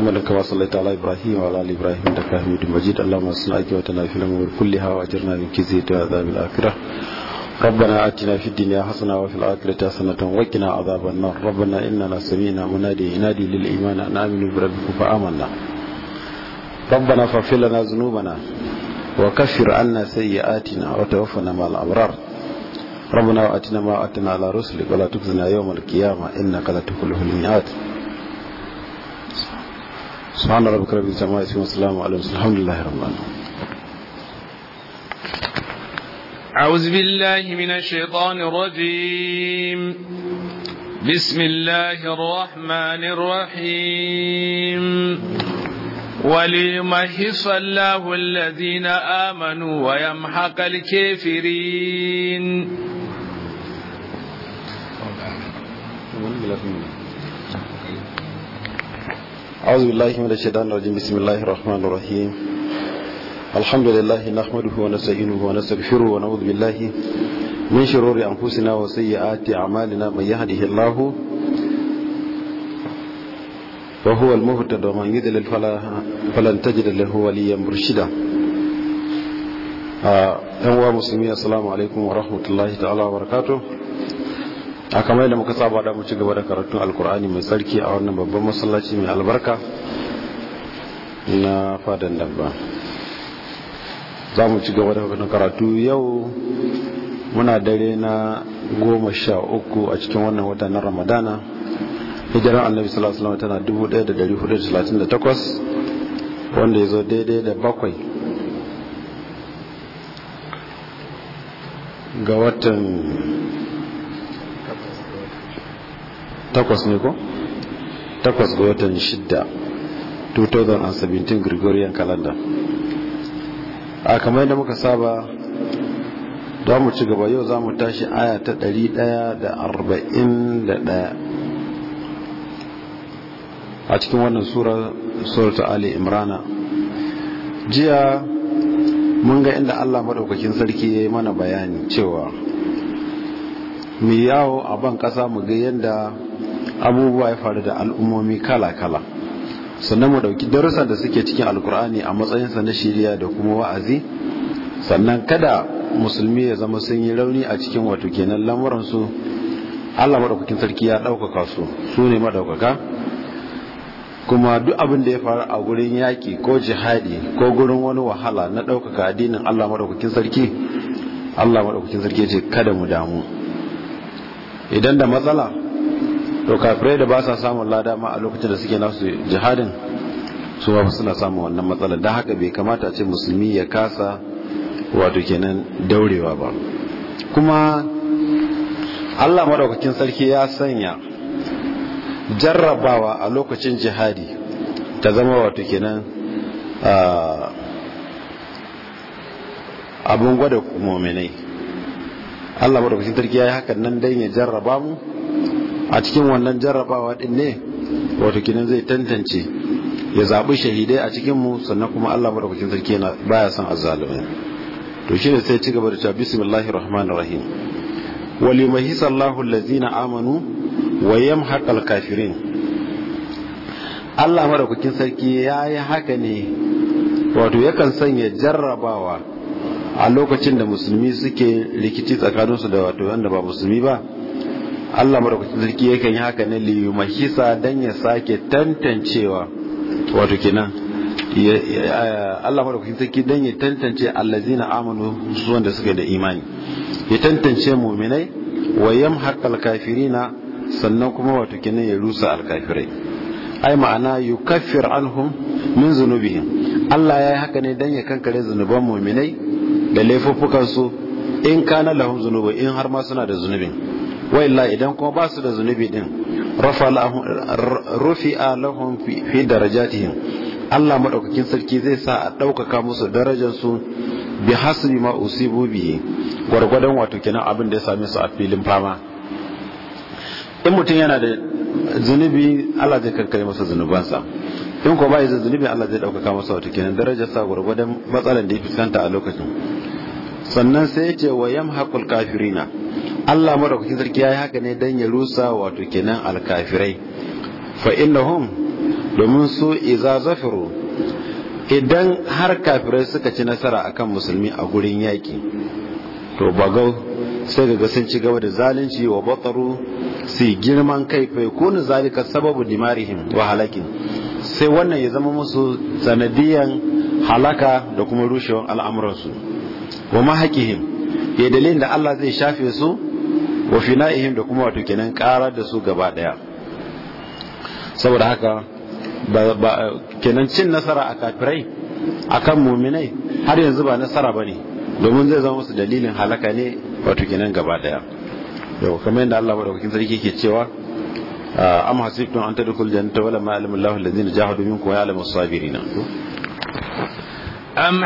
محمدا كما صليت على إبراهيم وعلى آل إبراهيم إنك حميد مجيد اللهم صل وسلم في الأمور كلها وأجرنا من كيزة عذاب الآخرة ربنا آتنا في الدنيا حسنة وفي الآخرة حسنة وقنا عذاب النار ربنا إننا سمينا منادي ينادي للإيمان أن آمنوا بربكم فآمنا ربنا فاغفر لنا ذنوبنا وكفر عنا سيئاتنا وتوفنا مع الأبرار ربنا وآتنا ما آتنا على رسلك ولا تخزنا يوم القيامة إنك لا تخلف الميعاد سبحان ربك رب العزة والسلام يصفون على الحمد لله رب العالمين أعوذ بالله من الشيطان الرجيم بسم الله الرحمن الرحيم وليمحص الله الذين آمنوا ويمحق الكافرين أعوذ بالله من الشيطان الرجيم بسم الله الرحمن الرحيم الحمد لله نحمده ونستعينه ونستغفره ونعوذ بالله من شرور أنفسنا وسيئات أعمالنا من يهده الله وهو المهتد ومن يضلل فلا فلن تجد له وليا مرشدا yan uwa musulmi assalamu alaikum wa rahmatullahi ta'ala wa barakatuh a kamar da muka saba da mu ci gaba da karatun alkur'ani mai sarki a wannan babban masallaci mai albarka na fadan dabba za mu ci gaba da karatu yau muna dare na goma sha uku a cikin wannan wata na ramadana hijiran annabi sallallahu alaihi tana 1438 wanda ya zo daidai da bakwai ga watan takwas ne ko takwas ga watan shidda 2017 gregorian calendar a kamar da muka saba za mu ci gaba yau za mu tashi aya ta 141 a cikin wannan sura surata ali imrana jiya mun ga inda allah maɗaukakin sarki ya yi mana bayani cewa mu yawo a ban kasa mu ga yadda abubuwa ya faru da al'ummomi kala-kala sannan mu dauki darussan da suke cikin alkur'ani a matsayinsa na shirya da kuma wa'azi sannan kada musulmi ya zama sun yi rauni a cikin wato kenan lamuransu allah maɗaukakin sarki ya ɗaukaka su su ne maɗaukaka kuma duk abin da ya faru a gurin yaƙi ko jihadi ko gurin wani wahala na ɗaukaka addinin allah maɗaukakin sarki allah maɗaukakin sarki ce kada mu damu idan da matsala to kafirai da ba sa samun lada ma a lokacin da suke nasu jihadin su ba suna samun wannan matsala da haka bai kamata a ce musulmi ya kasa wato kenan daurewa ba kuma allah maraukakin sarki ya sanya jarrabawa a lokacin jihadi ta zama wato kenan ah, abin gwada mominai Allah madaukakin sarki yi hakan nan dai ya jarraba mu a cikin wannan jarrabawa din ne wato kinan zai tantance ya zaɓi shahidai a cikin mu sannan kuma Allah madaukakin sarki yana baya son azzalumi to shi ne sai ci gaba da cewa bismillahir rahmanir rahim وليمهز الله amanu آمنوا ويمحق kafirin. Allah madaukakin sarki ya yi haka ne wato yakan sanya jarrabawa a lokacin da musulmi suke rikici tsakaninsu da wato wanda ba musulmi ba Allah madaukakin sarki yakan yi haka ne li mahisa dan ya sake tantancewa wato kenan Allah madaukakin sarki dan ya tantance allazina amanu su wanda suka da imani ya tantance mu'minai wa yamhaqal kafirina sannan kuma wato kenan ya rusa alkafirai ai ma'ana yukaffir anhum min zunubihim Allah ya yi haka ne dan ya kankare zunuban mu'minai da laifuffukansu in kana lahum zunubu in har ma suna da zunubi wa illa idan kuma ba su da zunubi din rufi a lahum fi darajatihim Allah madaukakin sarki zai sa a ɗaukaka musu darajarsu bi hasbi ma usibu bihi gwargwadon wato kenan abin da ya same su a filin fama in mutum yana da zunubi Allah zai kankare masa zunubansa in ko ba zunubi Allah zai dauka masa wata kenan darajar sa gwargwadon matsalar da ya fuskanta a lokacin sannan sai ya ce wa yamhaqul kafirina Allah madaukakin sarki yayi haka ne dan ya rusa wato kenan alkafirai fa hun domin su iza zafiru idan har kafirai suka ci nasara akan musulmi a gurin yaki to bagau sai ga sun ci gaba da zalunci wa bataru su girman kai fa yakunu zalika sababu dimarihim wa halakin sai wannan ya zama musu sanadiyan halaka da kuma rushewar al'amuransu wa mahaƙihim ya dalilin da Allah zai shafe su wa fina'ihim da kuma wato kenan da su gaba daya saboda haka kenan cin nasara a kafirai akan muminai har yanzu ba nasara ba ne domin zai zama musu dalilin halaka ne wato kenan gaba daya yau kamar yadda Allah madaukakin sarki ke cewa am hasibtum an tadkhul jannata wala ma alim Allahu alladhina jahadu minkum wa ya'lam as-sabirin أم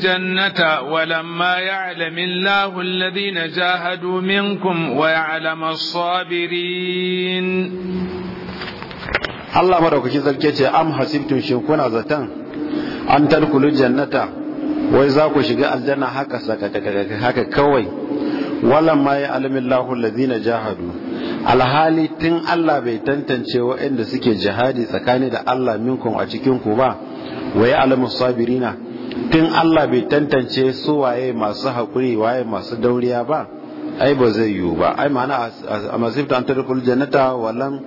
jannata wala ma ya'lam Allahu alladhina jahadu minkum wa ya'lam as-sabirin Allah madaukakin sarki ce am hasibtum shin kuna zaton an tarkulu jannata wai za ku shiga aljanna haka haka kawai walan ma ya ya'lamillahu alladhina jahadu alhali tun Allah bai tantance waɗanda suke jihadi tsakani da Allah minkum a cikin ku ba wa ya'lamu sabirina tun Allah bai tantance su waye masu haƙuri waye masu dauriya ba ai ba zai yiwu ba ai ma'ana a masifta an tarkul jannata walan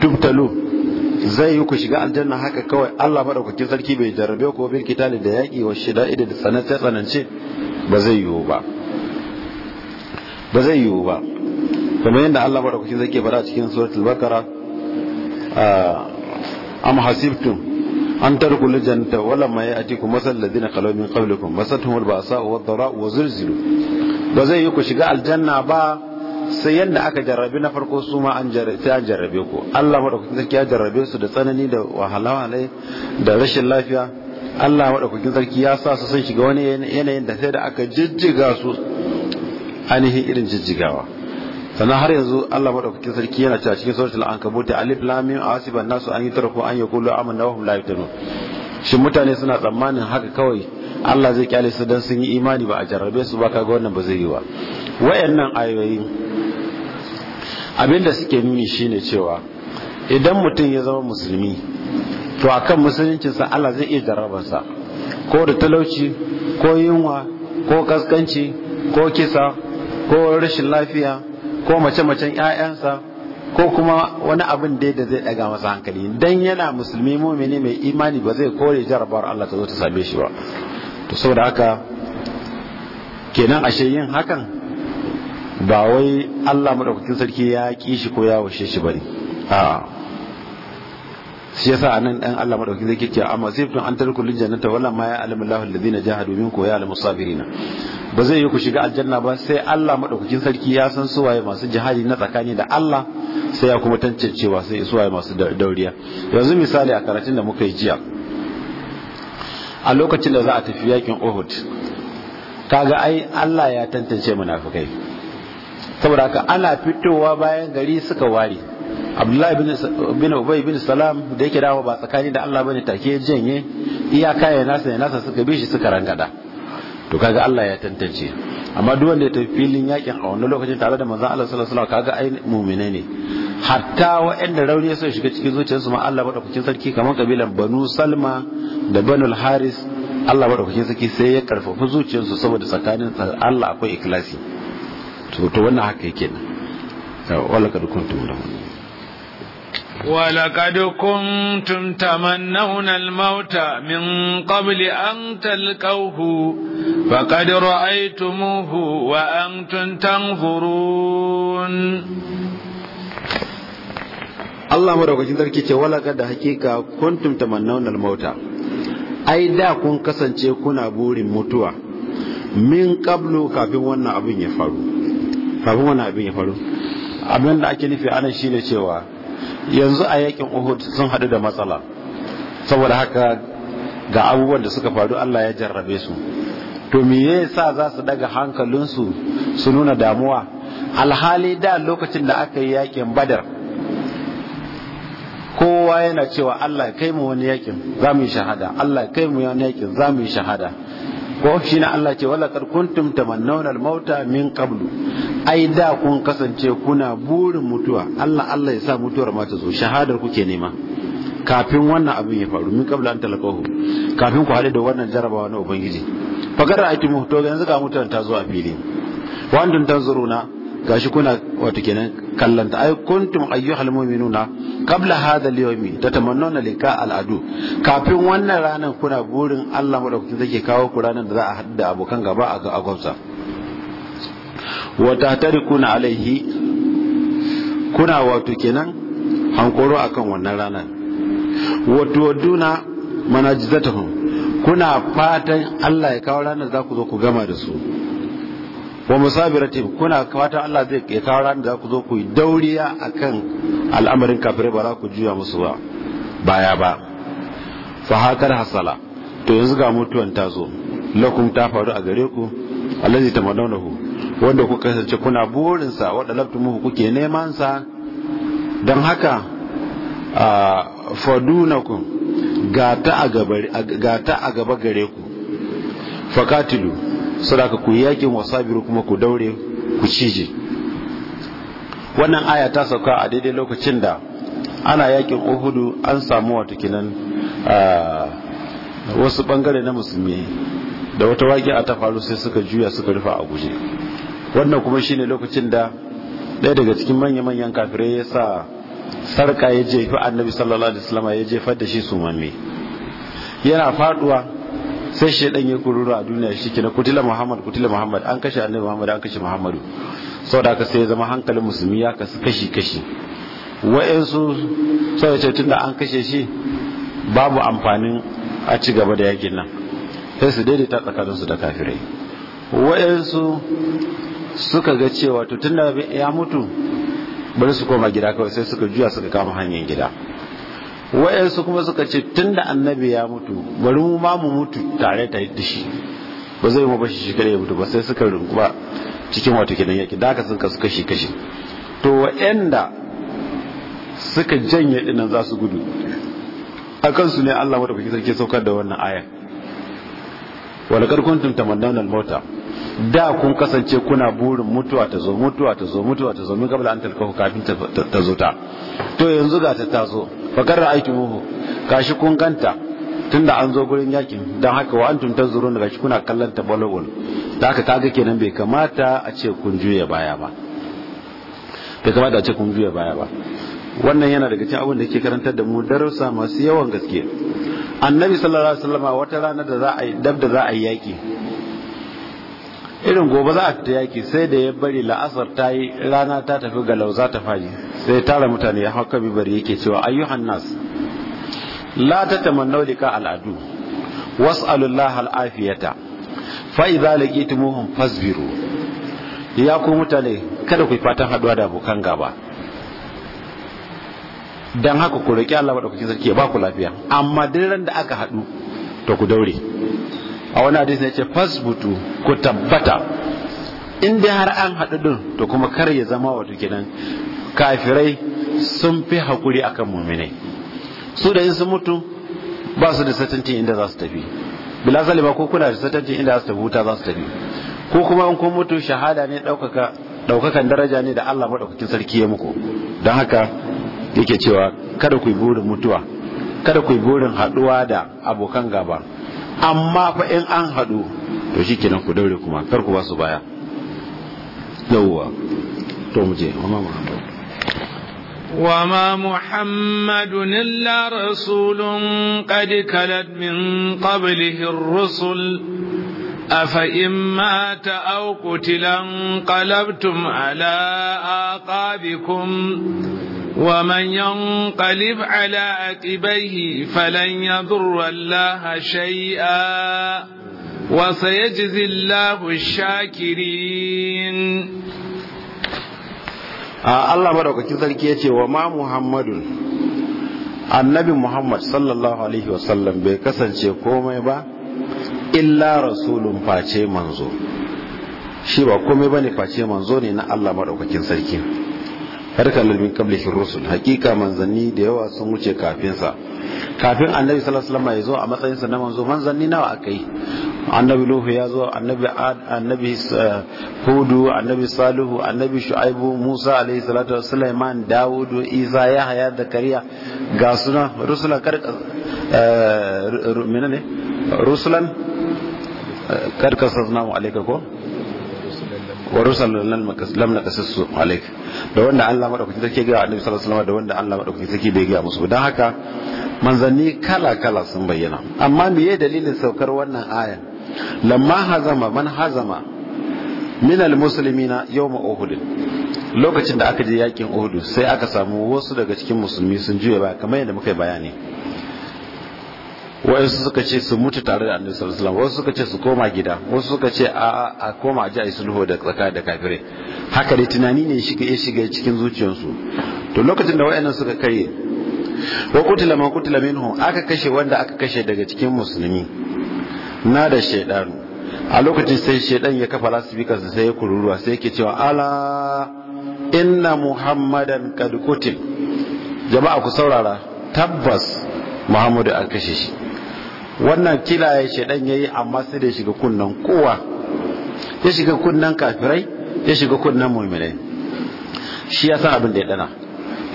tubtalu zai yi ku shiga aljanna haka kawai Allah madaukakin sarki bai jarrabe ko bil kitali da yaki wa shida da tsanance tsanance ba zai yiwu ba ba zai yiwu ba kamar yadda Allah bada kuke zake fara cikin surat bakara ah, am hasibtum an tarku lijanta wala ma ya'tiku masal ladina khalu min qablikum masatuhum al-ba'sa wa ad-dara wa ba zai yi ku shiga aljanna ba sai yadda aka jarrabe na farko su ma an jarrabe an jarrabe ku Allah bada kuke ya jarrabe su da tsanani da wahala da rashin lafiya Allah madaukakin sarki ya sa su sun shiga wani yanayin da sai da aka jijjiga su ainihin irin jijjigawa sannan har yanzu Allah madaukakin sarki yana cewa cikin suratul ankabut alif lam mim asiban nasu an yi yutraku an yaqulu amanna wa hum la yaftanun shi mutane suna tsammanin haka kawai Allah zai kyale su dan sun yi imani ba a jarrabe su ba kaga wannan ba zai yi ba wayannan ayoyi abinda suke nuni shine cewa idan mutum ya zama musulmi to a akan musuluncinsa Allah zai iya jarrabarsa ko da talauci ko yunwa ko kaskanci ko kisa ko rashin lafiya ko mace-macen 'ya'yansa ko kuma wani abin da da zai daga masa hankali dan yana musulmi mumini mai imani ba zai kore jarabar Allah ta zo ta same shi ba to saboda haka kenan ashe yin hakan ba wai Allah madaukakin sarki ya ki shi ko ya washe shi bane a'a shi yasa anan dan Allah madauki zai kike amma sai tun an tarku lil jannata wala ma ya da Allahu alladhina jahadu minkum ya alamu sabirina ba zai yi ku shiga aljanna ba sai Allah madaukakin sarki ya san su waye masu jihadi na tsakani da Allah sai ya kuma tantancewa sai su waye masu dauriya yanzu misali a karatun da muka yi jiya a lokacin da za a tafi yakin Uhud kaga ai Allah ya tantance munafikai saboda haka ana fitowa bayan gari suka ware abdullahi bin ubay bin salam da yake dawo ba tsakani da Allah bane take janye iyaka ya nasa ya nasa suka bi shi suka rangada to kaga Allah ya tantance amma duk wanda ya tafi filin yakin a wannan lokacin tare da manzon Allah sallallahu alaihi wasallam kaga ai mu'mine ne hatta waɗanda rauni ya shiga cikin zuciyarsu ma Allah madaukakin sarki kamar kabilan Banu Salma da Banu Haris Allah madaukakin sarki sai ya karfafa zuciyarsu saboda tsakanin Allah akwai ikhlasi to to wannan haka yake nan wala kad da lahu ولقد كنتم تمنون الموت من قبل أن تلقوه فقد رأيتموه وأنتم تنظرون Allah madaukakin sarki ce walaka da hakika kuntum tamannawna al-mauta ai da kun kasance kuna burin mutuwa min qablu kafin wannan abin ya faru abin da ake nufi anan shine cewa yanzu a yakin uhud sun hadu da matsala saboda haka ga abubuwan da suka faru Allah ya jarrabe su to me yasa za su daga hankalinsu su nuna damuwa alhali da lokacin da aka yi yakin badar kowa yana cewa Allah kai mu wani yakin za mu yi shahada Allah kai mu wani yakin za mu yi shahada ko shi na Allah ce wala kar kuntum tamannawna al-mauta min qablu ai da kun kasance kuna burin mutuwa Allah Allah ya sa mutuwar ma ta zo shahadar kuke nema kafin wannan abin ya faru min qabla an talaqahu kafin ku hade da wannan jarabawa na ubangiji fakar ra'aytu to yanzu ga mutan ta zo a fili wa antum tanzuruna gashi kuna wato kenan kallanta ai kuntum ayyuhal mu'minuna qabla hadha al-yawmi tatamannuna lika al-adu kafin wannan ranar kuna burin Allah madaukakin zai kawo ku ranar da za a hadda abokan gaba a ga Wata wa tatarikuna alaihi kuna wato kenan hankoro akan wannan ranar wa tuwadduna manajizatahum kuna fatan Allah ya kawo ranar za ku zo ku gama da su wa musabirati kuna fatan Allah zai ya kawo ran da ku zo ku yi dauriya akan al'amarin kafirai ba za ku juya musu ba baya ba fa hakar hasala to yanzu ga mutuwan ta zo lakum ta faru a gare ku allazi tamadawnahu wanda ku kasance kuna burin sa wanda kuke neman sa dan haka fadunakum gata a gaba gare ku fakatilu ka ku yakin wasabiru kuma ku daure ku cije wannan aya ta sauka a daidai lokacin da ana yakin uhudu an samu wata kinan wasu bangare na musulmi da wata waki a ta faru sai suka juya suka rufa a guje wannan kuma shine lokacin da ɗaya daga cikin manya-manyan kafirai ya sa sarka ya jefi annabi sallallahu alaihi wasallam ya jefar da shi sumame yana faduwa sai shaidan ya kururu a duniya shi kenan kutila muhammad kutila muhammad an kashe annabi muhammad an kashe muhammadu saboda haka sai zama hankalin musulmi ya kasu kashi kashi sau sai ce tunda an kashe shi babu amfanin a ci gaba da yakin nan sai su daidaita tsakaninsu da kafirai wa'insu suka ga cewa to tunda ya mutu bari su koma gida kawai sai suka juya suka kama hanyar gida wayansu kuma suka ce tun da annabi ya mutu bari mu ma mu mutu tare ta da shi ba zai mu bashi shi kare mutu ba sai suka ba cikin wato kenan yake da haka sun kasu kashi kashi to wayanda suka janye dinan za su gudu akan su ne Allah madaukakin sarki saukar da wannan ayan Wani kuntum tamannawna al-mauta da kun kasance kuna burin mutuwa ta zo mutuwa ta zo mutuwa ta zo min kabla an talkahu kafin ta zo ta to yanzu ga ta ta zo aiki karra aitumuhu kashi kun ganta tunda an zo gurin yakin dan haka wa antum tanzurun shi kuna kallon ta balawul da haka kaga kenan bai kamata a ce kun juya baya ba bai kamata a ce kun juya baya ba wannan yana daga cikin abin da ke karantar da mu darussa masu yawan gaske annabi sallallahu alaihi wasallam wata rana da za a yi dab da za a yi yaki irin gobe za a ta yaki sai da ya bari la'asar ta yi rana ta tafi ga lauza ta faji sai tara mutane ya hauka bari yake cewa ayyuhan nas la tamannau lika al'adu was'alullah al'afiyata fa idza laqitumuhum fasbiru ya ku mutane kada ku fatan haduwa da abokan gaba don haka ku roƙi Allah maɗaukakin sarki ya ba ku lafiya amma duk ran da aka haɗu to ku daure a wani hadisi ne ce fasbutu ku tabbata in dai har an haɗu din to kuma kar ya zama wato kenan kafirai sun fi haƙuri akan muminai su da in sun mutu ba su da satanci inda za su tafi bila salima ko kuna da satanci inda za su tafi wuta za su tafi ko kuma in kun mutu shahada ne daukaka ɗaukakan daraja ne da Allah maɗaukakin sarki ya muku don haka yake cewa kada ku yi burin mutuwa kada ku yi burin haduwa da abokan gaba amma fa in an hadu. to shi kenan ku daure kuma kar ku ba su baya yawwa to mu je mama muhammad وما محمد إلا رسول قد كلت من قبله الرسل أفإن مات أو قتل انقلبتم على آقابكم ومن ينقلب على عقبيه فلن يضر الله شيئا وسيجزي الله الشاكرين Allah madaukakin sarki ya ce wa ma Muhammadun annabi Muhammad sallallahu alaihi wasallam bai kasance komai ba illa rasulun face manzo shi ba komai bane face ne na Allah Maɗaukakin sarki harkar lalbin kablikin rusul hakika manzanni da yawa sun wuce kafinsa kafin annabi sallallahu ya zo a matsayinsa na manzo manzanni nawa aka yi annabi luhu ya zo annabi ad annabi eh, hudu annabi salihu annabi shu'aibu musa alaihi salatu sulaiman dawudu isa yahya kariya ga suna rusulan karka eh, menene rusulan eh, karka saznamu ko wa rusul lam naqassu alaik da wanda Allah madaukaki take ga annabi sallallahu alaihi wasallam da wanda Allah madaukaki take bai ga musu dan haka manzanni kala kala sun bayyana amma meye dalilin saukar wannan aya lamma hazama man hazama min almuslimina yawm uhud lokacin da aka je yakin uhud sai aka samu wasu daga cikin musulmi sun juya ba kamar yadda muka yi bayani wasu suka ce su mutu tare da annabi sallallahu alaihi wasu suka ce su koma gida wasu suka ce a a koma aje yi sulhu da tsaka da kafire haka dai tunani ne shiga ya shiga cikin zuciyarsu to lokacin da wayannan suka kare wa kutila man kutila minhu aka kashe wanda aka kashe daga cikin musulmi na da shaidanu a lokacin sai shaidan ya kafa lasbika sai ya kururuwa sai yake cewa ala inna muhammadan kad kutil jama'a ku saurara tabbas muhammadu an kashe shi wannan kila ya shaidan yayi amma sai da shiga kunnan kowa ya shiga kunnan kafirai ya shiga kunnan mu'minai shi ya san abin da ya dana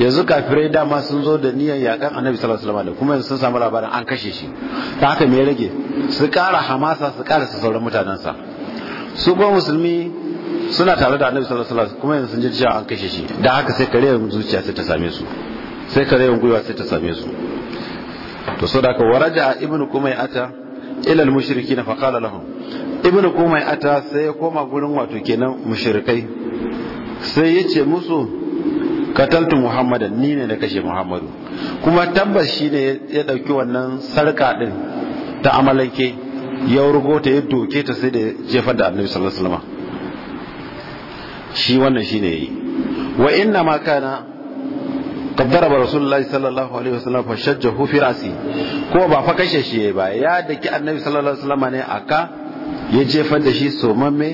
yanzu kafirai dama sun zo da niyyar yakan annabi sallallahu alaihi wasallam kuma yanzu sun samu labarin an kashe shi ta haka me rage su kara hamasa su kara su sauran sa su kuma musulmi suna tare da annabi sallallahu alaihi wasallam kuma yanzu sun ji cewa an kashe shi da haka sai karewar zuciya sai ta same su sai karewar gwiwa sai ta same su to sadaka waraja ibnu ata ila al-mushrikin fa qala lahum ibnu ata sai ya koma gurin wato kenan mushrikai sai yace musu kataltu muhammadan ni ne da kashe muhammadu kuma tabbas shi ne ya dauki wannan sarka din ta amalanke ya rugo ta ya doke ta sai da jefar da annabi sallallahu alaihi wasallam shi wannan shine yayi wa inna ma kana قدر رسول الله صلى الله عليه وسلم فشجه في راسي كو با فكشه شي با يا دكي النبي صلى الله عليه وسلم ne aka ya jefar da shi somamme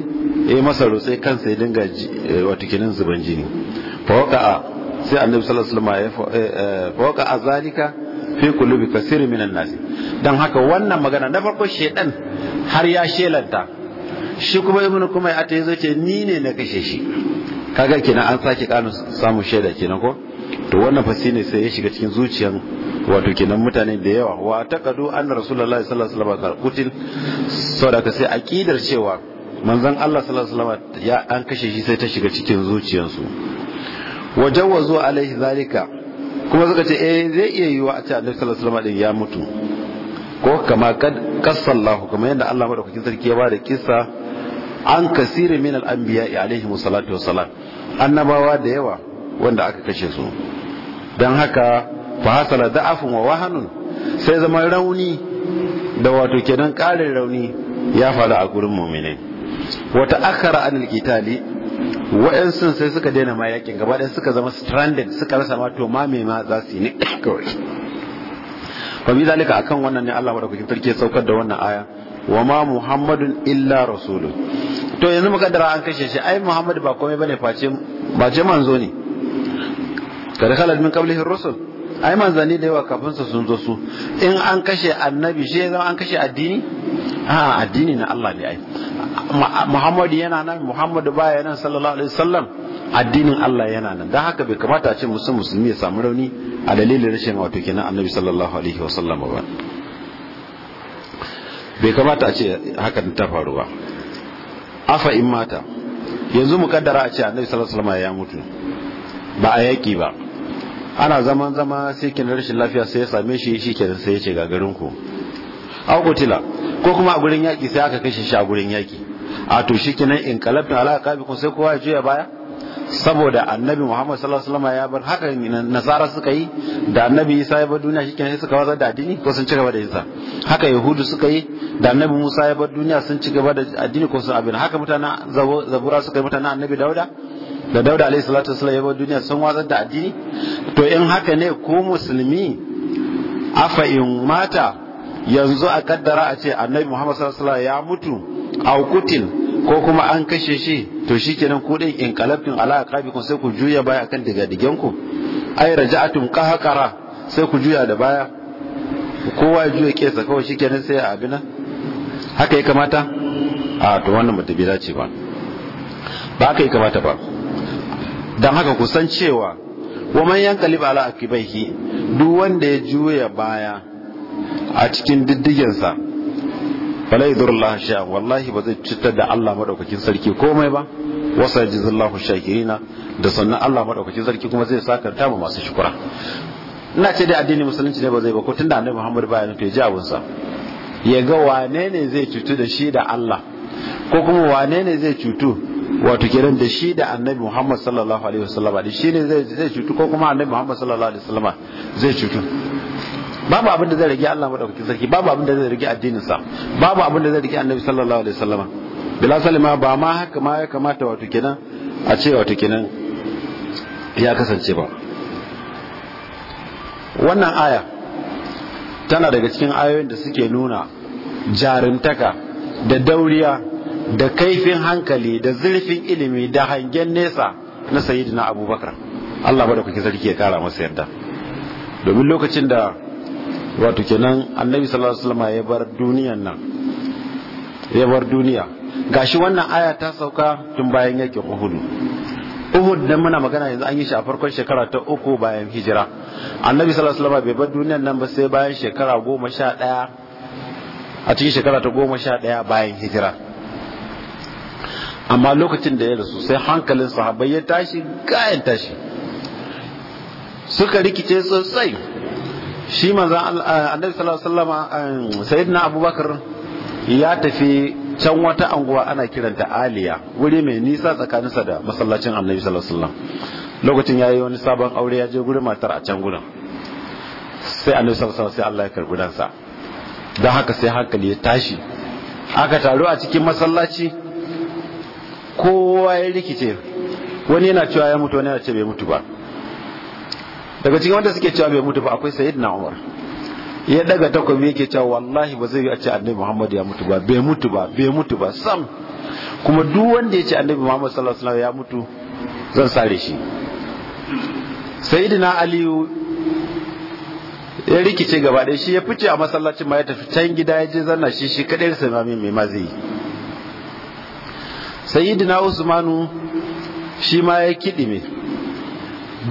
ya yi masa rotsai kansa ya dinga eh, wata kinin zuban jini fawaka sai annabi sallallahu alaihi wasallam fawaka eh, eh, a zalika fi kulubi kasirin nasi don haka wannan magana na farko shedan har ya shelanta shi kuma ibnu kuma ya ta yazo ce ni ne na kashe shi kaga kenan an sake kanu samu shaida kenan ko to wannan fa shine sai ya shiga cikin zuciyan wato kenan mutane da yawa wa taqadu anna rasulullahi sallallahu alaihi wasallam qutil saboda sai aqidar cewa manzon Allah sallallahu alaihi wasallam ya an kashe shi sai ta shiga cikin zuciyansu wajawazu alaihi zalika kuma suka ce eh zai iya yiwa a ce Allah sallallahu alaihi wasallam ya mutu ko kama kad kasallahu kuma yadda Allah madaukakin sarki ya bada kissa an kasiri min al-anbiya alaihi salatu wassalam annabawa da yawa wanda aka kashe su don haka fahasala da'afin wa wahanun sai zama rauni da wato kenan ƙarin rauni ya faru a gurin muminai wata akara anil kitali wa'yansu sai suka daina ma yakin gaba ɗaya suka zama stranded suka rasa ma to ma mai ma za su yi ne kawai fa bi zalika akan wannan ne Allah madaukakin sarki ya saukar da wannan aya wa ma muhammadun illa rasulun to yanzu muka an kashe shi ai muhammad ba komai bane face face manzo ne kada khalad min qablihi rusul ai manzanni da yawa kafin su sun zo su in an kashe annabi shi zama an kashe addini a addini na Allah ne ai Muhammadu yana nan Muhammadu baya nan sallallahu alaihi wasallam addinin Allah yana nan dan haka bai kamata a ce musu musulmi ya samu rauni a dalilin rashin wato kenan annabi sallallahu alaihi wasallam ba bai kamata a ce hakan ta faru ba afa in mata yanzu mu kaddara a ce annabi sallallahu alaihi wasallam ya mutu ba a yaki ba ana zaman zama sai ke na rashin lafiya sai ya same shi shi ke sai ya ce ga garin ku aw ko kuma a gurin yaki sai aka kashe shi a gurin yaki a to shi kenan in kalabta ala kun sai kowa ya juya baya saboda annabi Muhammad sallallahu alaihi wasallam ya bar haka nasara suka yi da annabi Isa ya bar duniya shi kenan suka wazar da addini ko sun ci gaba da yinsa haka yahudu suka yi da annabi Musa ya bar duniya sun ci gaba da addini ko sun abin haka mutanen zabura suka yi mutanen annabi Dauda da dauda alaihi salatu wasallam ya bar duniya sun watsar da addini to in haka ne ko musulmi afa in mata yanzu a kaddara a ce annabi muhammad sallallahu alaihi ya mutu a kutil ko kuma an kashe shi to shikenan ku din in kalabtin ala aqabikum sai ku juya baya akan digen ku ai raja'atum qahqara sai ku juya da baya kowa ya juya kesa kawai shikenan sai a abina haka ya kamata a to wannan ba ta dace ba ba haka ya kamata ba don haka kusan cewa wa man yanqalib ala akibaihi duk wanda ya juya baya a cikin diddiginsa. balai yadurullahu sha wallahi ba zai cutar da Allah madaukakin sarki komai ba wasa jazallahu shakirina da sannan Allah madaukakin sarki kuma zai saka ta masu shukura ina ce dai addinin musulunci ne ba zai ba ko tunda annabi Muhammad ba ya nufi jawabinsa ya ga wane ne zai cutu da shi da Allah ko kuma wane ne zai cutu wato kenan da shi da annabi Muhammad sallallahu alaihi wasallama da shi ne zai cutu ko kuma annabi Muhammad sallallahu alaihi wasallama zai cutu babu abin da zai rage Allah madaukakin sarki babu abin da zai rage addinin sa babu abin da zai rage annabi sallallahu alaihi wasallama bila salima ba ma haka ma ya kamata wato kenan a ce wato kenan ya kasance ba wannan aya tana daga cikin ayoyin da suke nuna jarumtaka da dauriya da kaifin hankali da zurfin ilimi da hangen nesa na sayidina abubakar Allah bada da kuke sarki ya kara masa yarda domin lokacin da wato kenan annabi sallallahu alaihi wasallam ya bar duniyan nan ya bar duniya gashi wannan aya ta sauka tun bayan yake Uhud Uhud da muna magana yanzu an yi shi a farkon shekara ta uku bayan hijira annabi sallallahu alaihi wasallam bai bar duniyan nan ba sai bayan shekara goma sha ɗaya a cikin shekara ta goma sha ɗaya bayan hijira amma lokacin da ya rasu sai hankalin sahabai ya tashi gayan tashi suka rikice sosai shi manzan eh, annabi sallallahu alaihi wasallam eh, na abubakar ya tafi can wata anguwa ana kiranta aliya wuri mai nisa tsakaninsa da masallacin annabi sallallahu alaihi wasallam lokacin yayi wani sabon aure ya je gurin matar a can gurin sai annabi sallallahu alaihi sai Allah ya karbi dansa don haka sai hankali ya tashi aka taru a cikin masallaci kowa ya rikice wani yana cewa ya mutu wani yana cewa bai mutu ba daga cikin wanda suke cewa bai mutu ba akwai na umar ya daga takobi yake cewa wallahi ba zai yi a ce annabi muhammad ya mutu ba bai mutu ba bai mutu ba sam kuma duk wanda ya ce annabi muhammad sallallahu alaihi wasallam ya mutu zan sare shi sayidina aliyu ya rikice gaba ɗaya shi ya fice a masallacin ma ya tafi can gida ya je zanna shi shi kadai sai mai mai mazi sayyidina usmanu shi ma ya kiɗime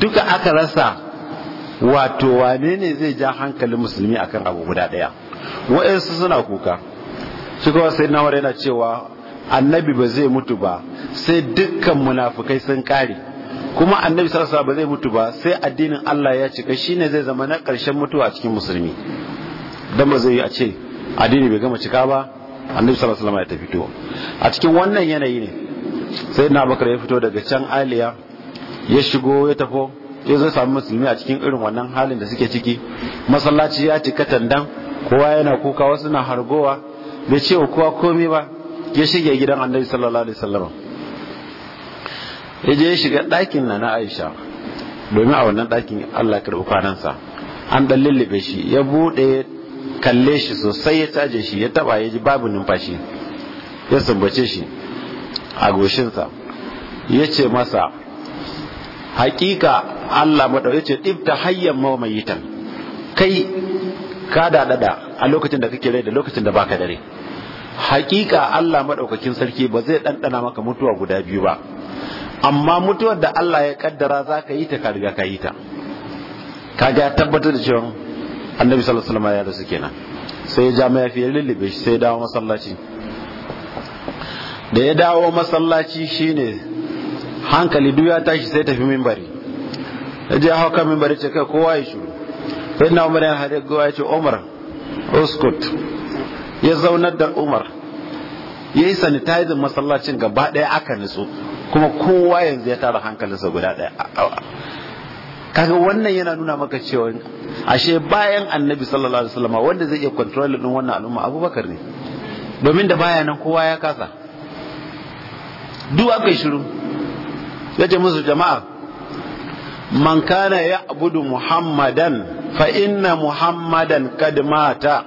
duka aka rasa wato wane ne zai ja hankalin musulmi akan abu guda ɗaya wa'yansu suna kuka shi kawai sai nawar yana cewa annabi ba zai mutu ba sai dukkan munafukai sun kare kuma annabi sarasa ba zai mutu ba sai addinin Allah ya cika shine zai zama na karshen mutuwa a cikin musulmi dan ba zai yi a ce addini bai gama cika ba annabi sallallahu alaihi wasallam ya fito a cikin wannan yanayi ne sai na bakar ya fito daga can aliya ya shigo ya tafo ya zo sami musulmi a cikin irin wannan halin da suke ciki masallaci ya cika tandan kowa yana kuka wasu na hargowa bai ce wa kowa komai ba ya shige gidan annabi sallallahu alaihi wasallam ya je ya shiga ɗakin na na aisha domin a wannan ɗakin allah karɓi kwanansa an ɗan lullube shi ya buɗe kalle shi sosai ya caje shi ya taba ya ji babu numfashi ya sumbace shi a goshinsa ya ce masa hakika Allah maɗau ya ce ɗibta hayyan mamayitan kai ka daɗaɗa a lokacin da kake rai da lokacin da baka dare hakika Allah maɗaukakin sarki ba zai ɗanɗana maka mutuwa guda biyu ba amma mutuwar da Allah ya ƙaddara za ka yi ta ka riga ka yi ta kaga tabbatar da cewa annabi sallallahu alaihi wasallam ya rasu kenan sai ya ja mayafi ya lullube shi sai ya dawo masallaci da ya dawo masallaci shine hankali duk ya tashi sai tafi minbari ya je hau kan minbari ce kai kowa ya shiru sai na umar ya hade gowa ya ce umar uskut ya zaunar da umar ya yi sanitizin masallacin gaba ɗaya aka nutsu kuma kowa yanzu ya tara hankalinsa guda ɗaya kaga wannan yana nuna maka cewa ashe bayan annabi sallallahu alaihi wasallam wanda zai iya control din wannan al'umma abubakar ne domin da baya nan kowa ya kasa duk aka shiru yace musu jama'a man kana ya'budu muhammadan fa inna muhammadan kad mata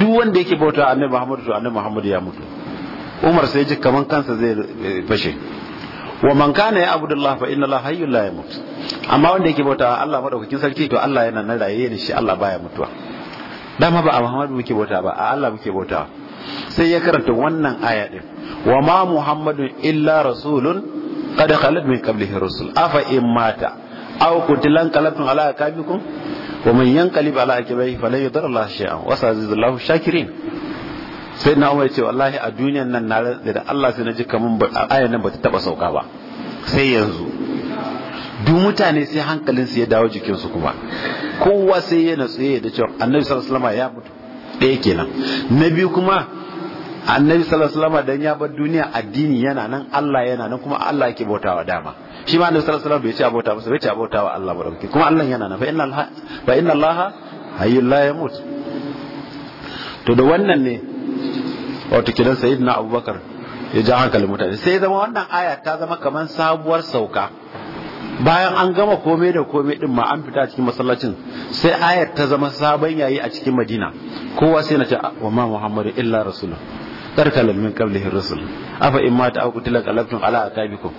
duk wanda yake bauta annabi muhammadu to annabi muhammadu ya mutu umar sai ji kaman kansa zai fashe wa man kana ya abudullah fa inna allaha hayyul la yamut amma wanda yake bauta Allah madaukakin sarki to Allah yana nan raye ne shi Allah baya mutuwa dama ba a Muhammad muke bauta ba a Allah muke bauta sai ya karanta wannan aya din wa ma Muhammadun illa rasulun qad khalat min qablihi rusul afa in mata aw qutilan qalabtum ala akabikum wa man yanqalib ala akibai falan yadhur Allah shay'an wa sa'izullahu shakirin sai na umar ce wallahi a duniyan nan na rantsa da Allah sai na ji a ayan nan bata taba sauka ba sai yanzu duk mutane sai hankalin su ya dawo jikin su kuma kowa sai ya natsu ya da cewa annabi sallallahu alaihi ya mutu ɗaya kenan na biyu kuma annabi sallallahu alaihi dan ya bar duniya addini yana nan Allah yana nan kuma Allah yake bautawa dama shi ma annabi sallallahu alaihi bai ce abota masa bai ce abautawa Allah barkake kuma Allah yana nan fa inna Allah fa inna Allah hayyul la yamut to da wannan ne wato kidan sayyidina abubakar ya ja hankalin mutane sai zama wannan aya ta zama kamar sabuwar sauka bayan an gama komai da komai din ma an fita cikin masallacin sai ayar ta zama sabon yayi a cikin madina kowa sai na ce wa ma muhammadu illa rasulun tarkala min qablihi rasul afa in mata aw qutila qalabtum ala akabikum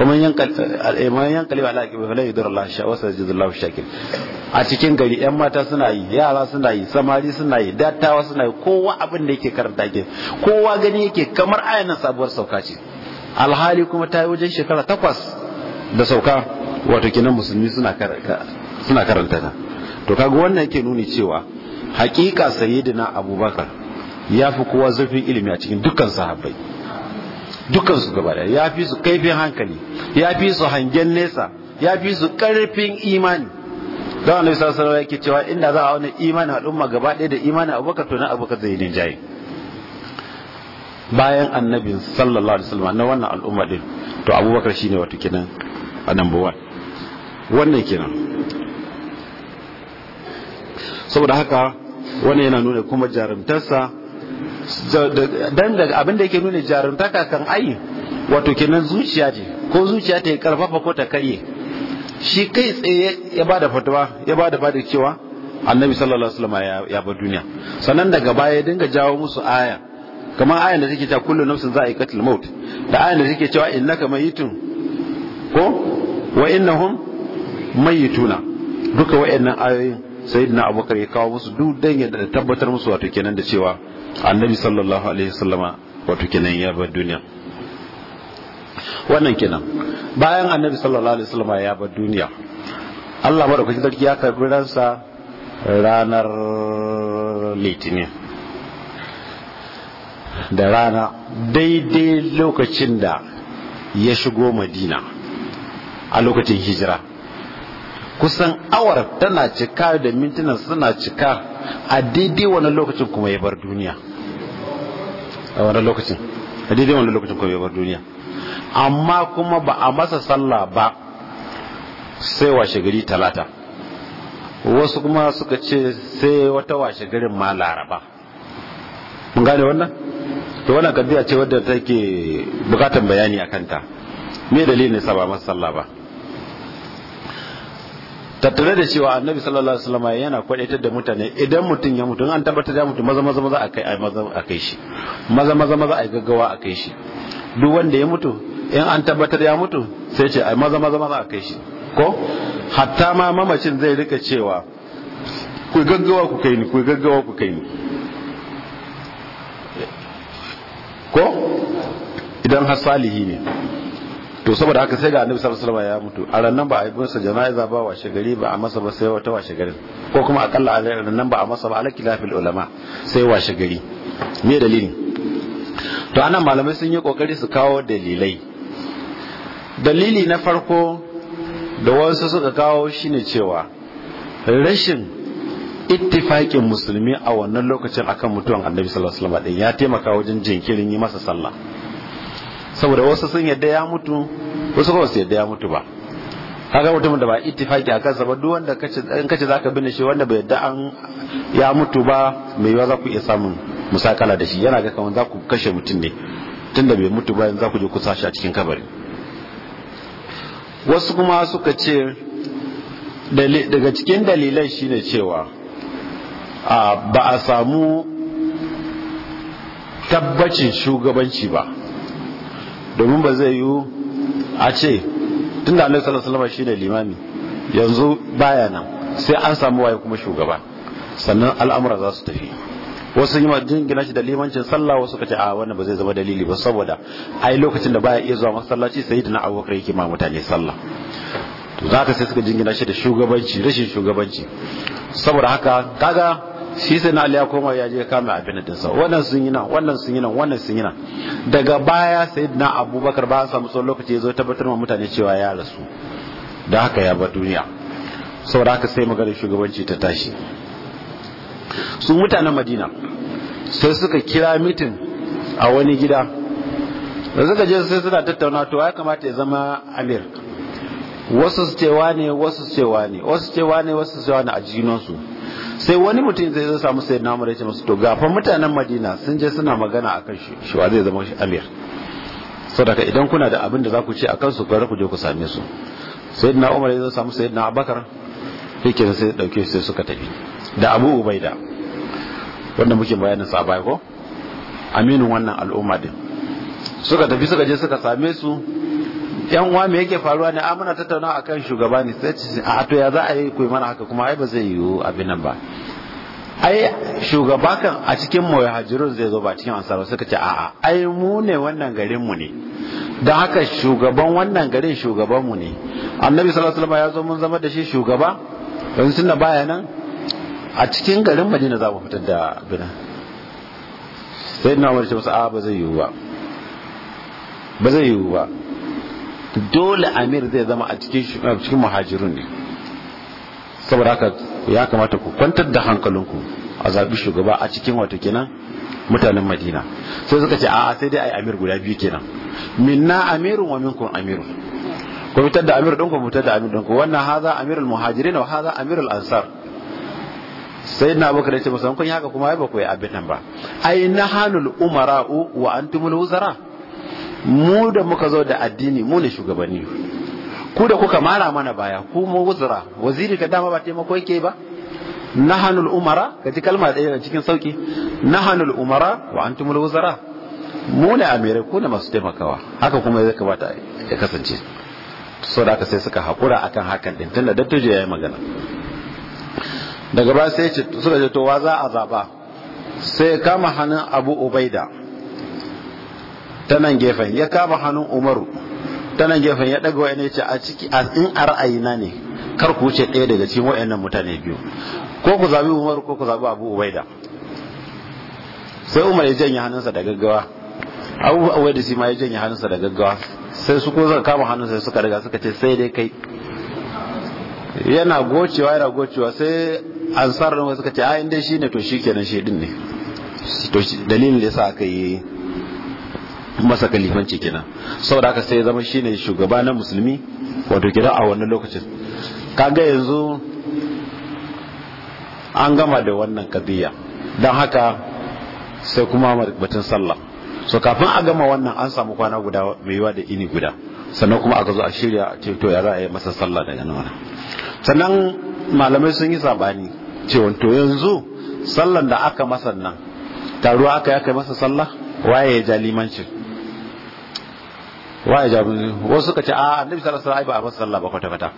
ومن ينقل من ينقلب على عقبه فلا يضر الله شيئا وسيجزي الله الشاكر a cikin gari yan mata suna yi yara suna yi samari suna yi dattawa suna yi kowa abin da yake karanta ke kowa gani yake kamar ayanan sabuwar sauka ce alhali kuma ta yi wajen shekara takwas da sauka wato kenan musulmi suna karanta ta to kaga wannan ke nuni cewa hakika sayyidina abubakar ya fi kowa zurfin ilimi a cikin dukkan sahabbai dukansu gaba da ya fi su kaifin hankali ya fi su hangen nesa ya fi su karfin imani da wani bisa sarara yake cewa inda za a wani imanin al'umma gaba ɗaya da imanin abubakar to na abubakar zai yi jayi bayan annabi sallallahu alaihi wasallam na wannan al'umma din to abubakar shine wato kenan a number one wannan kenan saboda haka wannan yana nuna kuma jarumtarsa dan daga abin da yake nuna jaruntaka kan ai wato kenan zuciya ce ko zuciya ta karfafa ko ta karye shi kai tsaye ya ba da fatawa ya ba da fadar cewa annabi sallallahu alaihi wasallam ya bar duniya sannan daga baya ya dinga jawo musu aya kamar ayan da take cewa kullu nafsin za'iqatul maut da ayan da take cewa innaka mayitun ko wa innahum mayituna duka wa'annan ayoyin sayyidina abubakar ya kawo musu duk dan ya tabbatar musu wato kenan da cewa annabi sallallahu alaihi wasallama wato kenan ya bar duniya wannan kenan bayan annabi sallallahu alaihi wasallama ya bar duniya Allah madaukakin sarki ya karbi ransa ranar litinin da rana daidai lokacin da ya shigo madina a lokacin hijira kusan awar tana cika da mintuna suna cika a daidai wannan lokacin kuma ya bar duniya a wannan lokacin a daidai wannan lokacin kuma ya bar duniya amma kuma ba a masa sallah ba sai washe gari talata wasu kuma suka ce sai wata washe garin ma laraba mun gane wannan to wannan kaddiya ce wadda take bukatan bayani a kanta me dalilin sa ba masa sallah ba tattare da cewa annabi sallallahu alaihi wasallam yana kwadaitar da mutane idan mutum ya mutu an tabbatar da mutum maza maza maza akai ai maza akai shi maza maza maza ai gaggawa akai shi duk wanda ya mutu in an tabbatar ya mutu sai ce ai maza maza maza akai shi ko hatta ma mamacin zai rika cewa ku gaggawa ku kai ni ku gaggawa ku kai ni ko idan har salihi ne to saboda haka sai ga annabi sallallahu alaihi wasallam ya mutu a ranan ba a yi masa jana'iza ba washe gari ba a masa ba sai wata washe gari ko kuma akalla a ranan ba a masa ba ala kilafil ulama sai washe gari me dalili to anan malamai sun yi kokari su kawo dalilai dalili na farko da wasu suka kawo shine cewa rashin ittifakin musulmi a wannan lokacin akan mutuwan annabi sallallahu alaihi wasallam ya taimaka wajen jinkirin yi masa sallah saboda wasu sun yadda ya mutu wasu kuma su yadda ya mutu ba kaga mutum da ba ittifaki a kansa ba duk wanda in kace zaka binne shi wanda bai yadda an ya mutu ba mai yawa za ku iya samun musakala da shi yana ga kaman za ku kashe mutum ne tunda bai mutu ba za ku je ku sashi a cikin kabari wasu kuma suka ce daga cikin dalilan shine cewa ba a samu tabbacin shugabanci ba domin ba zai yiwu a ce tun da annabi sallallahu alaihi wasallam limami yanzu baya nan sai an samu waye kuma shugaba sannan al'amura za su tafi wasu yi gina shi da limancin sallah wasu kace a wannan ba zai zama dalili ba saboda ai lokacin da baya iya zuwa masallaci sai da na abubakar yake ma mutane sallah to za ka sai suka jingina shi da shugabanci rashin shugabanci saboda haka kaga shi sai na ya koma ya je kama abin da sa wannan sun yi nan wannan sun yi nan wannan sun yi nan daga baya sayyidina abubakar ba samu tsohon lokaci ya zo tabbatar ma mutane cewa ya rasu da haka ya ba duniya saboda haka sai maganar shugabanci ta tashi su mutanen madina sai suka kira mitin a wani gida da suka je sai suna tattauna to ya kamata ya zama amir wasu su cewa ne wasu cewa ne wasu cewa ne wasu cewa ne a jinonsu sai wani mutum zai zo samu sai umar ya ce masu to gafan mutanen madina sun je suna magana a shi shi wa zai zama shi amir sadaka idan kuna da abin da za ku ce a kansu ku ku je ku same su na umar ya zo samu na abakar yake da sai dauke sai suka tafi da abu ubaida wanda muke bayanin sa baya ko aminin wannan al'umma din suka tafi suka je suka same su yan uwa me yake faruwa ne amuna tattauna akan shugaba ne sai a to ya za a yi koyi mana haka kuma ai ba zai yiwu abin nan ba ai shugaba kan a cikin hajirun zai zo ba cikin ansaro suka ce a'a ai mu ne wannan garin mu ne da haka shugaban wannan garin shugaban mu ne annabi sallallahu alaihi wasallam ya zo mun zama da shi shugaba don sunna baya nan a cikin garin madina za mu fitar da bina sai na umar ce masa a ba zai yiwu ba ba zai yiwu ba dole amir zai zama a cikin muhajirin ne saboda haka ya kamata ku kwantar da hankalinku a zaɓi shugaba a cikin wato kenan mutanen madina sai suka ce a sai dai a amir guda biyu kenan minna amirun wa minkum amirun ku fitar da amir ɗinku fitar da amir ɗinku wannan haza amirul muhajirin wa haza amirul ansar sai na abokan ya ce musamman kun yi haka kuma ya ba ku yi abin nan ba ai na hanul umara'u wa antumul wuzara mu da muka zo da addini mu ne shugabanni ku da kuka mara mana baya ku mu wuzura waziri ka dama ba taimako yake ba nahanul umara ka ji kalma ɗaya cikin sauki nahanul umara wa antumul wuzara mu ne amirai ku ne masu taimakawa haka kuma zai kamata ya kasance so da aka sai suka haƙura akan hakan din tunda dattijo ya yi magana daga ba sai suka ce to wa za a zaɓa sai kama hannun abu ubaida ta nan gefen ya kama hannun umaru ta nan gefen ya daga wa'ina ya ce a ciki in a ra'ayina ne kar ku wuce ɗaya daga cikin wayannan mutane biyu ko ku zabi umaru ko ku zabi abu ubaida sai umar ya janye hannunsa da gaggawa abu ubaida shi ma ya janye hannunsa da gaggawa sai su ko suka kama hannunsa suka riga suka ce sai dai kai yana gocewa yana gocewa sai ansar ɗin suka ce a inda shi ne to shi kenan shi ɗin ne dalilin da ya sa aka yi masa kalifanci kenan saboda aka sai zama shine shugaba na musulmi wato kira a wannan lokacin kaga yanzu an gama da wannan kadiyya don haka sai kuma batun sallah so kafin a gama wannan an samu kwana guda mai yiwa da ini guda sannan kuma aka zo a shirya a ce to ya za a yi masa sallah daga nan sannan malamai sun yi sabani cewa to yanzu sallan da aka masa nan taruwa aka yi aka masa sallah waye ya ja limancin wa ya jabu wasu suka ce a ah, annabi sallallahu alaihi wasallam ba a masa sallah ba kwata kwata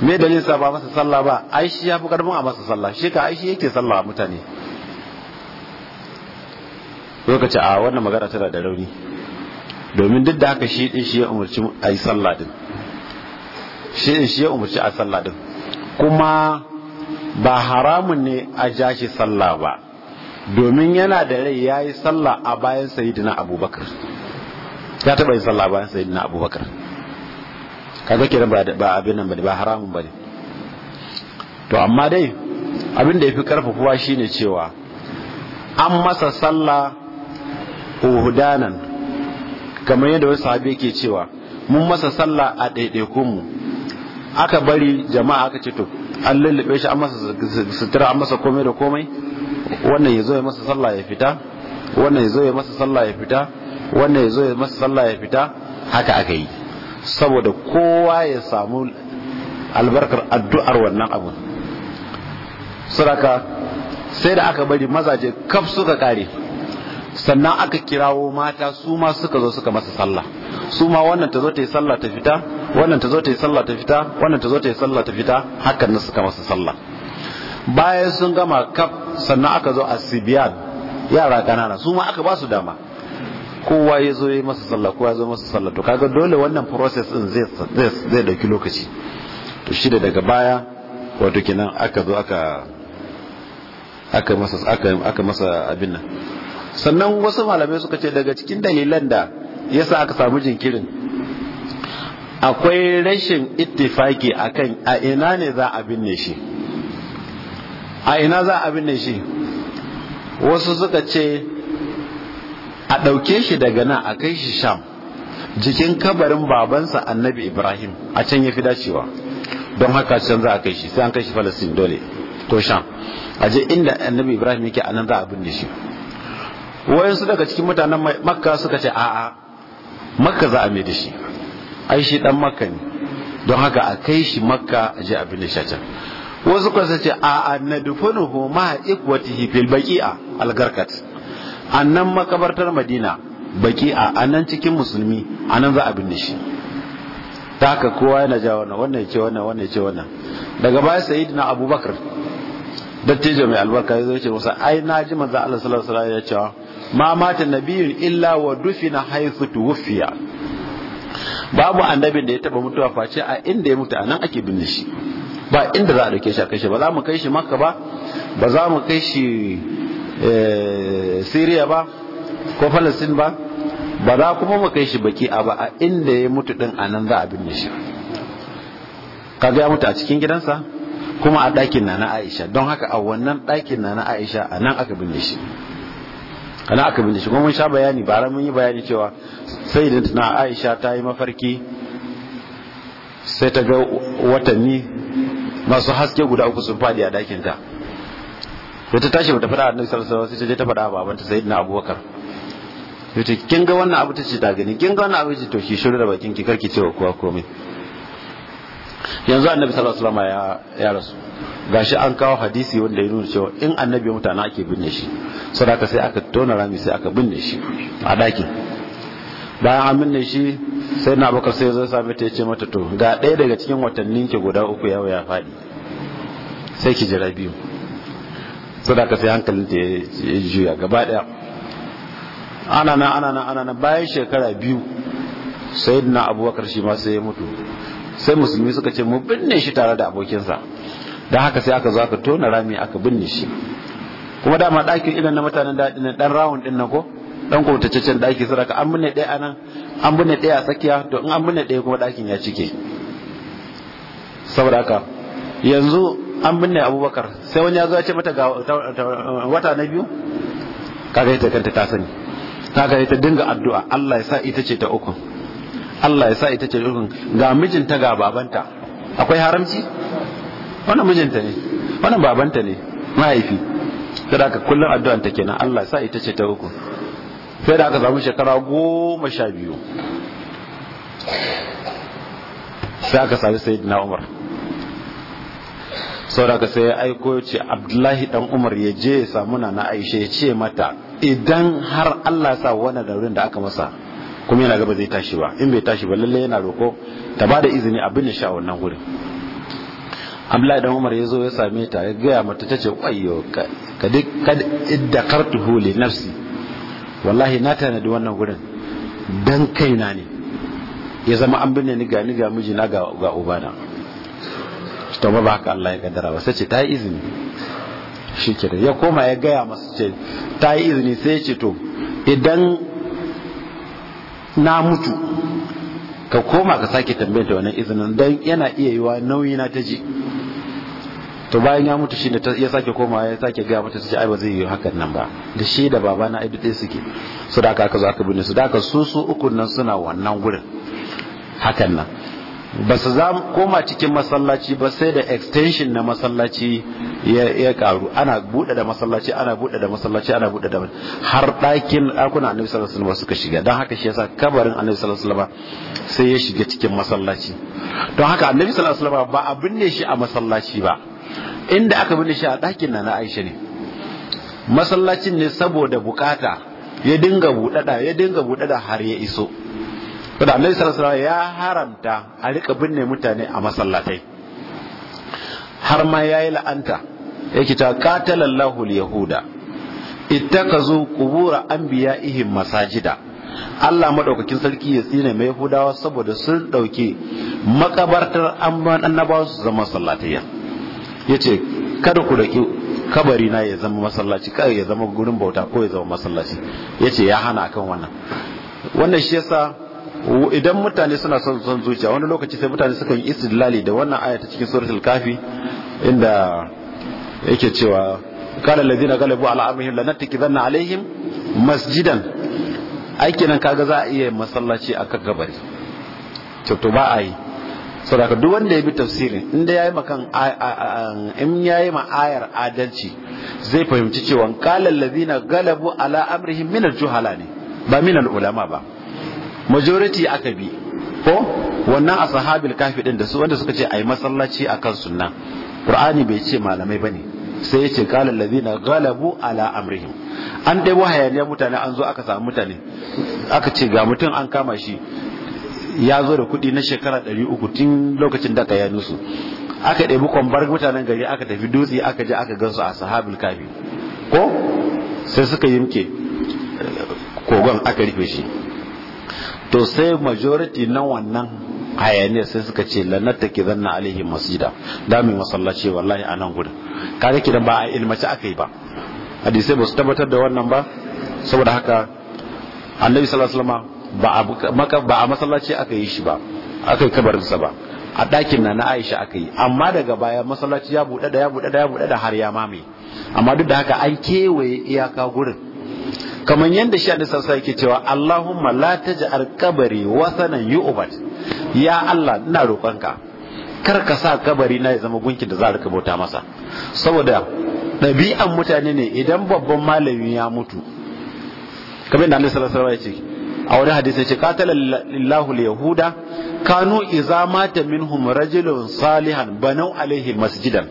me dalilin sa ba masa sallah ba ai shi ya fi karfin a masa sallah shi ka ai shi yake sallah mutane lokaci a ah, wannan magana tana da rauni domin duk da haka shi din shi ya umarci a yi sallah din shi din shi ya umarci a sallah din kuma ba haramun ne a ja shi sallah ba domin yana da rai ya yi sallah a bayan sayidina abubakar ya taba yin sallah bayan sayyidina abubakar kaga kiran ba abin nan bane ba haramun bane to amma dai abin da ya fi yafi karfafuwa shine cewa an masa sallah uhudanan kamar yadda wasu sahabi yake cewa mun masa sallah a ɗaiɗaikun mu aka bari jama'a aka ce to an lullube shi an masa sutura an masa komai da komai wannan ya zo ya masa sallah ya fita wannan ya masa sallah ya fita wannan ya zo ya masa sallah ya fita haka aka yi saboda kowa ya samu albarkar addu'ar wannan abun suraka sai da aka bari mazaje kaf suka kare sannan aka kirawo mata su ma suka zo suka masa sallah su ma wannan ta zo ta yi sallah ta fita wannan ta zo ta yi sallah ta fita wannan ta zo ta yi sallah ta fita hakan nan suka masa sallah bayan sun gama kaf sannan aka zo asibiyan yara kanana su ma aka ba su dama kowa ya zo ya masa sallah kowa ya zo masa sallah to kaga dole wannan process din zai zai dauki lokaci to shi da daga baya wato kenan aka zo aka aka masa aka aka masa abin nan sannan wasu malamai suka ce daga cikin dalilan da yasa aka samu jinkirin akwai rashin ittifaki akan a ina ne za a binne shi a ina za a binne shi wasu suka ce a ɗauke shi daga nan a kai shi sham jikin kabarin babansa annabi ibrahim a can ya fi dacewa don haka can za a kai shi sai an kai shi Falasin dole ko sham a je inda annabi ibrahim yake anan za a binne shi wayansu daga cikin mutanen makka suka ce a'a makka za a mai da shi ai shi dan makka ne don haka a kai shi makka a je a binne shi a can wasu kwasa ce a'a na dufunuhu ma ikwatihi fil algarkat al a nan makabartar madina baki a nan cikin musulmi a nan za a binne shi ta haka kowa yana ja wannan wannan ce wannan wannan ce wannan daga baya na abubakar dattijo mai albarka ya zo ce musa ai na ji manzo Allah sallallahu alaihi wasallam ya cewa ma mata nabiyyun illa wa dufina haythu tuwfiya babu annabin da ya taba mutuwa face a inda ya mutu a nan ake binne shi ba inda za a dauke shi a kai shi ba za mu kai shi makka ba ba za mu kai shi Eh, Syria ba ko Palestine ba ba za kuma mu kai shi baki a ba a inda ya mutu din a nan za a binne shi kaga ya mutu a cikin gidansa kuma a ɗakin na na Aisha don haka a wannan ɗakin na na Aisha a nan aka binne shi a nan aka binne shi kuma mun sha bayani bara mun yi bayani cewa sai da na Aisha ta yi mafarki sai ta ga watanni masu haske guda uku sun faɗi a ɗakinta sai ta tashi bata fada annabi sallallahu alaihi wasallam sai ta je ta faɗa babanta sayyidina abubakar sai ta kin ga wannan abu tace ta gani kin ga wannan abu tace to ki shiru da bakin ki karki cewa kowa komai yanzu annabi sallallahu alaihi wasallam ya ya rasu gashi an kawo hadisi wanda ya nuna cewa in annabi ya mutana ake binne shi saboda sai aka tona rami sai aka binne shi a daki bayan an binne shi sai na bakar sai zai same ta yace mata to ga ɗaya daga cikin watannin ki guda uku yau ya faɗi sai ki jira biyu ka sai hankalin ta ya juya gaba daya ana na ana na ana na bayan shekara biyu sai na abubakar shi ma sai ya mutu sai musulmi suka ce mu binne shi tare da abokinsa da haka sai aka zo aka tona rami aka binne shi kuma dama ɗakin idan na mutanen daɗi na ɗan rawun ɗin na ko ɗan kwautaccen ɗaki raka an binne ɗaya anan an binne ɗaya a tsakiya to in an binne ɗaya kuma ɗakin ya cike saboda haka yanzu an binne abubakar sai wani ya zo ya ce mata ga wata na biyu kaga ita kanta ta sani kaga ita dinga addu'a Allah ya sa ita ce ta uku Allah ya sa ita ce ukun ga mijinta ga babanta akwai haramci wannan mijinta ne wannan babanta ne mahaifi sai da aka kullum addu'an ta kenan Allah ya sa ita ce ta uku sai da aka samu shekara goma sha biyu sai aka sami sayyidina Umar ka sai ya aiko ce abdullahi dan umar ya je ya samu na aisha ya ce mata idan har allah sa wannan daurin da aka masa kuma yana gaba zai tashi ba in bai tashi ba lalle yana roko ta ba da izini abin da sha wannan wurin abdullahi dan umar ya zo ya same ta ya gaya mata ta ce kwayo kad kartu huli nafsi wallahi na tanadi wannan gurin dan na ne ya zama an binne ni ga ni ga mijina ga ubana to ba ba ka Allah ya kaddara ba sai ce ta yi izini shi ke ya koma ya gaya masu ce ta yi izini sai ce to idan na mutu ka koma ka sake tambayar da wannan izinin don yana iya yiwa nauyi na ta ji to bayan ya mutu da ya sake koma ya sake gaya mata sai ai ba zai yi hakan nan ba da shi da baba na aibi ɗaya suke su da aka zo aka binne su da aka su su uku nan suna wannan gurin hakan nan ba su za koma cikin masallaci ba sai da extension na masallaci ya karu ana buɗe da masallaci ana buɗe da masallaci ana buɗe da har ɗakin ɗakunan annabi sallallahu alaihi wasallam suka shiga don haka shi yasa kabarin annabi sallallahu alaihi wasallam sai ya shiga cikin masallaci don haka annabi sallallahu alaihi wasallam ba a binne shi a masallaci ba inda aka binne shi a ɗakin na na Aisha ne masallacin ne saboda bukata ya dinga buɗaɗa ya dinga buɗaɗa har ya iso to da annabi sallallahu ya haramta a rika binne mutane a masallatai har ma yayi la'anta yake ta qatalallahu al-yahuda ittakazu qubura anbiya'ihim masajida Allah madaukakin sarki ya tsine mai Yahudawa saboda sun dauke makabartar annabawa su zama masallatai yace kada ku daki kabari na ya zama masallaci kada ya zama gurin bauta ko ya zama masallaci yace ya hana akan wannan wannan shi yasa idan mutane suna son son zuciya wani lokaci sai mutane suka yi istidlali da wannan aya ta cikin suratul kafi inda yake cewa qala allazina galabu ala amrihim lanatakidanna alaihim masjidan aiki nan kaga za a iya masallaci a kan gabari to to ba a yi saboda duk wanda ya bi tafsirin inda yayi makan in yayi ma ayar adalci zai fahimci cewa qala allazina galabu ala amrihim min al-juhala ne ba min al-ulama ba majority aka bi ko wannan ashabil kafi din da su wanda suka ce ai masallaci akan sunna qur'ani bai ce malamai bane sai yace ce qala allazina ghalabu ala amrihim an dai wahayaniyar mutane an zo aka samu mutane aka ce ga mutum an kama shi ya zo da kuɗi na shekara ɗari uku tun lokacin da ya nusu aka ɗebi kwambar mutanen gari aka tafi dutse aka je aka gansu a sahabin kafi ko sai suka yimke kogon aka rufe shi to sai majority na wannan hayaniya sai suka ce ta ke zanna alihin masjida da mai masallaci wallahi a nan gudun kaga don ba a ilmace aka yi ba hadisai ba su tabbatar da wannan ba saboda haka annabi sallallahu alaihi ba a masallaci aka yi shi ba aka yi kabarinsa ba a ɗakin na na Aisha aka yi amma daga baya masallaci ya buɗe da ya buɗe da ya buɗe da har ya mame amma duk da haka an kewaye iyaka gurin kamar yadda shi da sassa yake cewa Allahumma la taj'al qabri wasanan yu'bad ya Allah ina roƙonka kar ka sa kabari na ya zama gunki da za a bauta masa saboda ɗabi'an mutane ne idan babban malami ya mutu kamar yadda annabi sallallahu alaihi ya ce a wani hadisi ce qatala lillahu yahuda kanu idza mata minhum rajulun salihan banau alaihi masjidan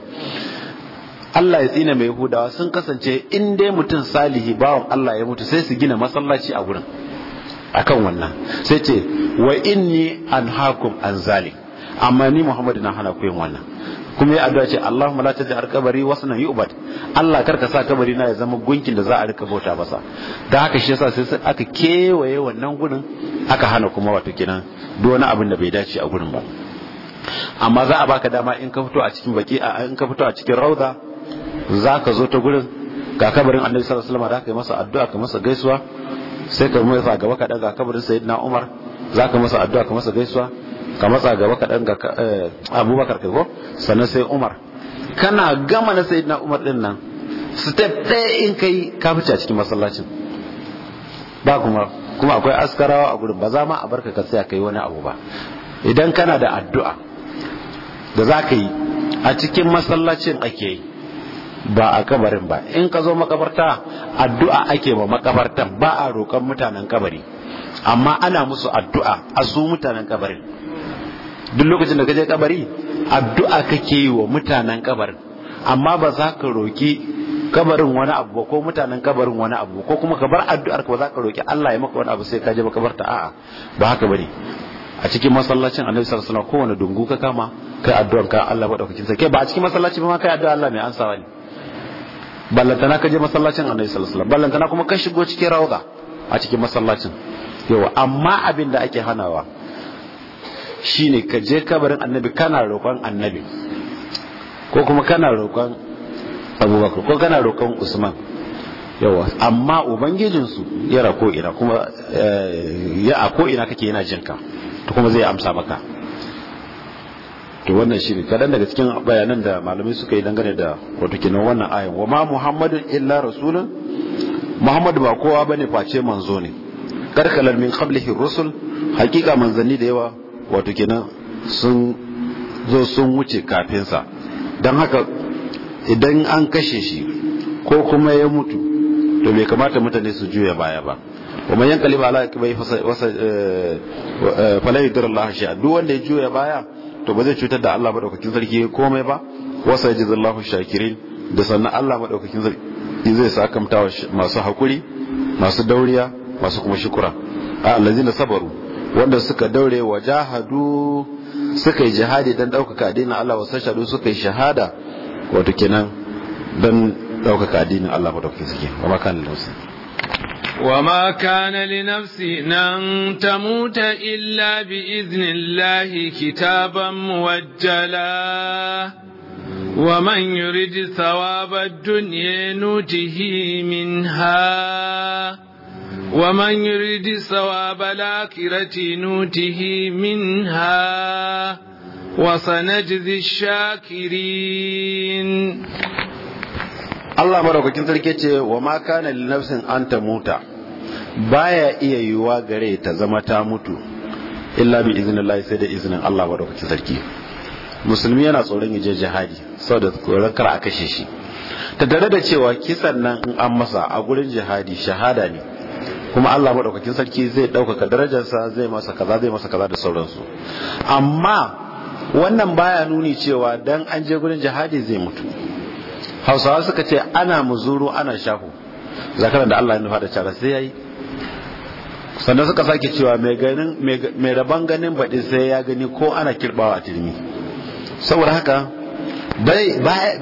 Allah ya tsina mai hudawa sun kasance in dai mutum salihi bawan Allah ya mutu sai su gina masallaci a gurin akan wannan sai ce wa inni ni an zalim amma ni Muhammad na hana ku wannan kuma ya addu'a ce Allahumma la taj'al qabri yi yu'bad Allah karka sa kabari na ya zama gunkin da za a rika bauta masa da haka shi yasa sai aka kewaye wannan gurin aka hana kuma wato kenan duk wani abin da bai dace a gurin ba amma za a baka dama in ka fito a cikin baki a in ka fito a cikin rauda za ka zo ta gurin ga kabarin annabi sallallahu alaihi wasallam da ka yi masa addu'a ka masa gaisuwa sai ka matsa gaba kaɗan ga kabarin sayyidina umar za ka masa addu'a ka masa gaisuwa ka matsa gaba kaɗan ga eh, abubakar kai ko sannan sai umar kana gama na sayyidina umar din nan step ɗaya in kai ka fice cikin masallacin ba kuma kuma akwai askarawa a gurin ba za ma a barka ka tsaya kai wani abu ba idan kana da addu'a da za ka yi a cikin masallacin ake yi ba a kabarin ba in ka zo makabarta addu'a ake ba makabartan ba a roƙon mutanen kabari amma ana musu addu'a a su mutanen kabari duk lokacin da ka je kabari addu'a kake yi wa mutanen kabarin amma ba za ka roƙi kabarin wani abu ko mutanen kabarin wani abu ko kuma ka bar addu'ar ka ba za ka roƙi Allah ya maka wani abu sai ka je makabarta a'a ba haka bane a cikin masallacin annabi sallallahu alaihi wasallam kowane dungu ka kama kai addu'ar ka Allah madaukakin sarki ba a cikin masallaci ba ma kai addu'a Allah mai ansawa ne ballantana ka je masallacin annabi sallallahu alaihi ballantana kuma ka shigo cikin rauda a cikin masallacin yawa amma abin da ake hanawa shine ka je kabarin annabi kana roƙon annabi ko kuma kana roƙon abubakar ko kana roƙon usman yawa amma su yara ko ina kuma eh, ya a ko ina kake yana jinka to kuma zai amsa maka to wannan shi ne kaɗan daga cikin bayanan da malamai suka yi dangane da wato kina wannan ayan wa ma muhammadun illa rasulun muhammad ba kowa bane face manzo ne karkalar min qablihi rusul hakika manzanni da yawa wato kina sun zo sun wuce kafin sa dan haka idan an kashe shi ko kuma ya mutu to bai kamata mutane su juya baya ba ومن ينقلب على عقبيه wasa falai الله شيئا duk wanda ya juya baya to ba zai cutar da Allah madaukakin sarki komai ba wasa yajizallahu shakirin da sannan Allah madaukakin sarki zai sakamta masu hakuri masu dauriya masu kuma shukura a allazina sabaru wanda suka daure wa jahadu suka yi jihadi don ɗaukaka addinin Allah wasu shaɗu suka yi shahada wato kenan don ɗaukaka addinin Allah madaukakin sarki wa makan lausa وما كان لنفس أن تموت إلا بإذن الله كتابا موجلا ومن يرد ثواب الدنيا نوته منها ومن يرد ثواب الآخرة نوته منها وسنجزي الشاكرين Allah maraukakin sarki ce wa ma kana li nafsin an ta muta baya iya yiwuwa gare ta zama ta mutu illa bi iznillahi sai da iznin Allah maraukakin sarki musulmi yana tsoron yaje jihadi saboda tsoron kar a kashe shi ta tare da cewa kisan nan in an masa a gurin jihadi shahada ne kuma Allah madaukakin sarki zai ɗaukaka darajarsa zai masa kaza zai masa kaza da sauransu amma wannan baya nuni cewa dan an je gurin jihadi zai mutu hausawa suka ce ana muzuru ana shahu zakaran da Allah ya nufa da cara sai yayi sannan suka sake cewa mai rabon ganin baɗi sai ya gani ko ana kirbawa a turmi saboda haka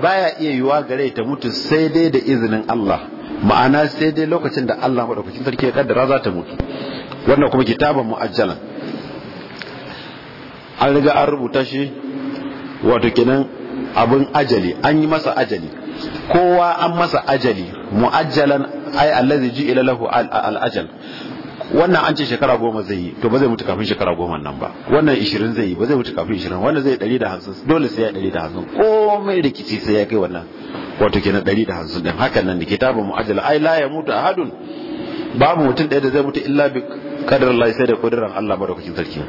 baya iya yiwa gare ta mutu sai dai da izinin Allah ma'ana sai dai lokacin da Allah maɗaukacin sarki ya kaddara za ta mutu wannan kuma kitaban mu'ajjalan an riga an rubuta shi wato kenan abin ajali an yi masa ajali kowa an masa ajali mu'ajjalan ai allazi ji ila lahu al ajal wannan an ce shekara goma zai yi to ba zai mutu kafin shekara goma nan ba wannan ishirin zai yi ba zai mutu kafin ishirin wannan zai ɗari da hamsin dole sai ya ɗari da hamsin komai rikici sai ya kai wannan wato kenan ɗari da hamsin ɗin hakan nan da kitabun mu'ajjala ai la ya mutu ahadun babu mutum ɗaya da zai mutu illa bi Kadar Allah sai da kudirar Allah madaukakin sarki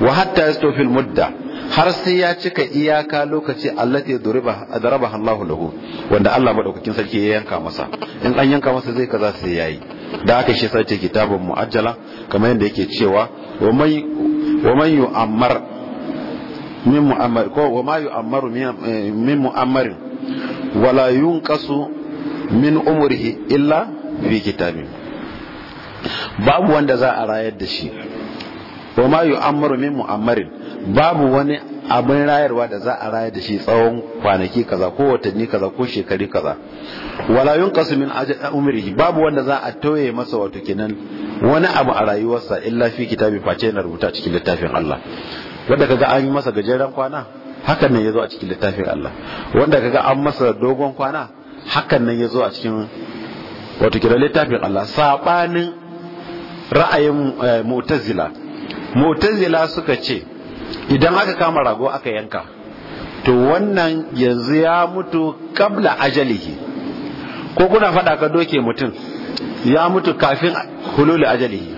wa hatta yastawfil mudda har sai ya cika iyaka lokaci allati darabaha Allahu lahu wanda Allah madaukakin sarki ya yanka masa in an yanka masa zai kaza sai yayi da aka shi sai kitabun muajjala kamar yadda yake cewa wa may wa man yu'ammar min mu'ammar ko wa ma yu'ammaru min mu'ammar wala yunqasu min umrihi illa fi kitabin babu wanda za a rayar da shi wa ma yu'ammaru min mu'ammarin babu wani abin rayarwa da za a rayar da shi tsawon kwanaki kaza ko watanni kaza ko shekari kaza wala yunqasu min umrihi babu wanda za a tauye masa wato kenan wani abu a rayuwarsa illa fi kitabi face na rubuta cikin littafin Allah wanda kaga an yi masa gajeren kwana hakan nan yazo a cikin littafin Allah wanda kaga an masa dogon kwana hakan nan yazo a cikin wato kira littafin Allah sabanin ra'ayin eh, mu'tazila mutazila suka ce idan aka kama rago aka yanka to wannan yanzu ya mutu kabla ajalihi ko kuna fada ka doke mutum ya mutu kafin hululu ajalihi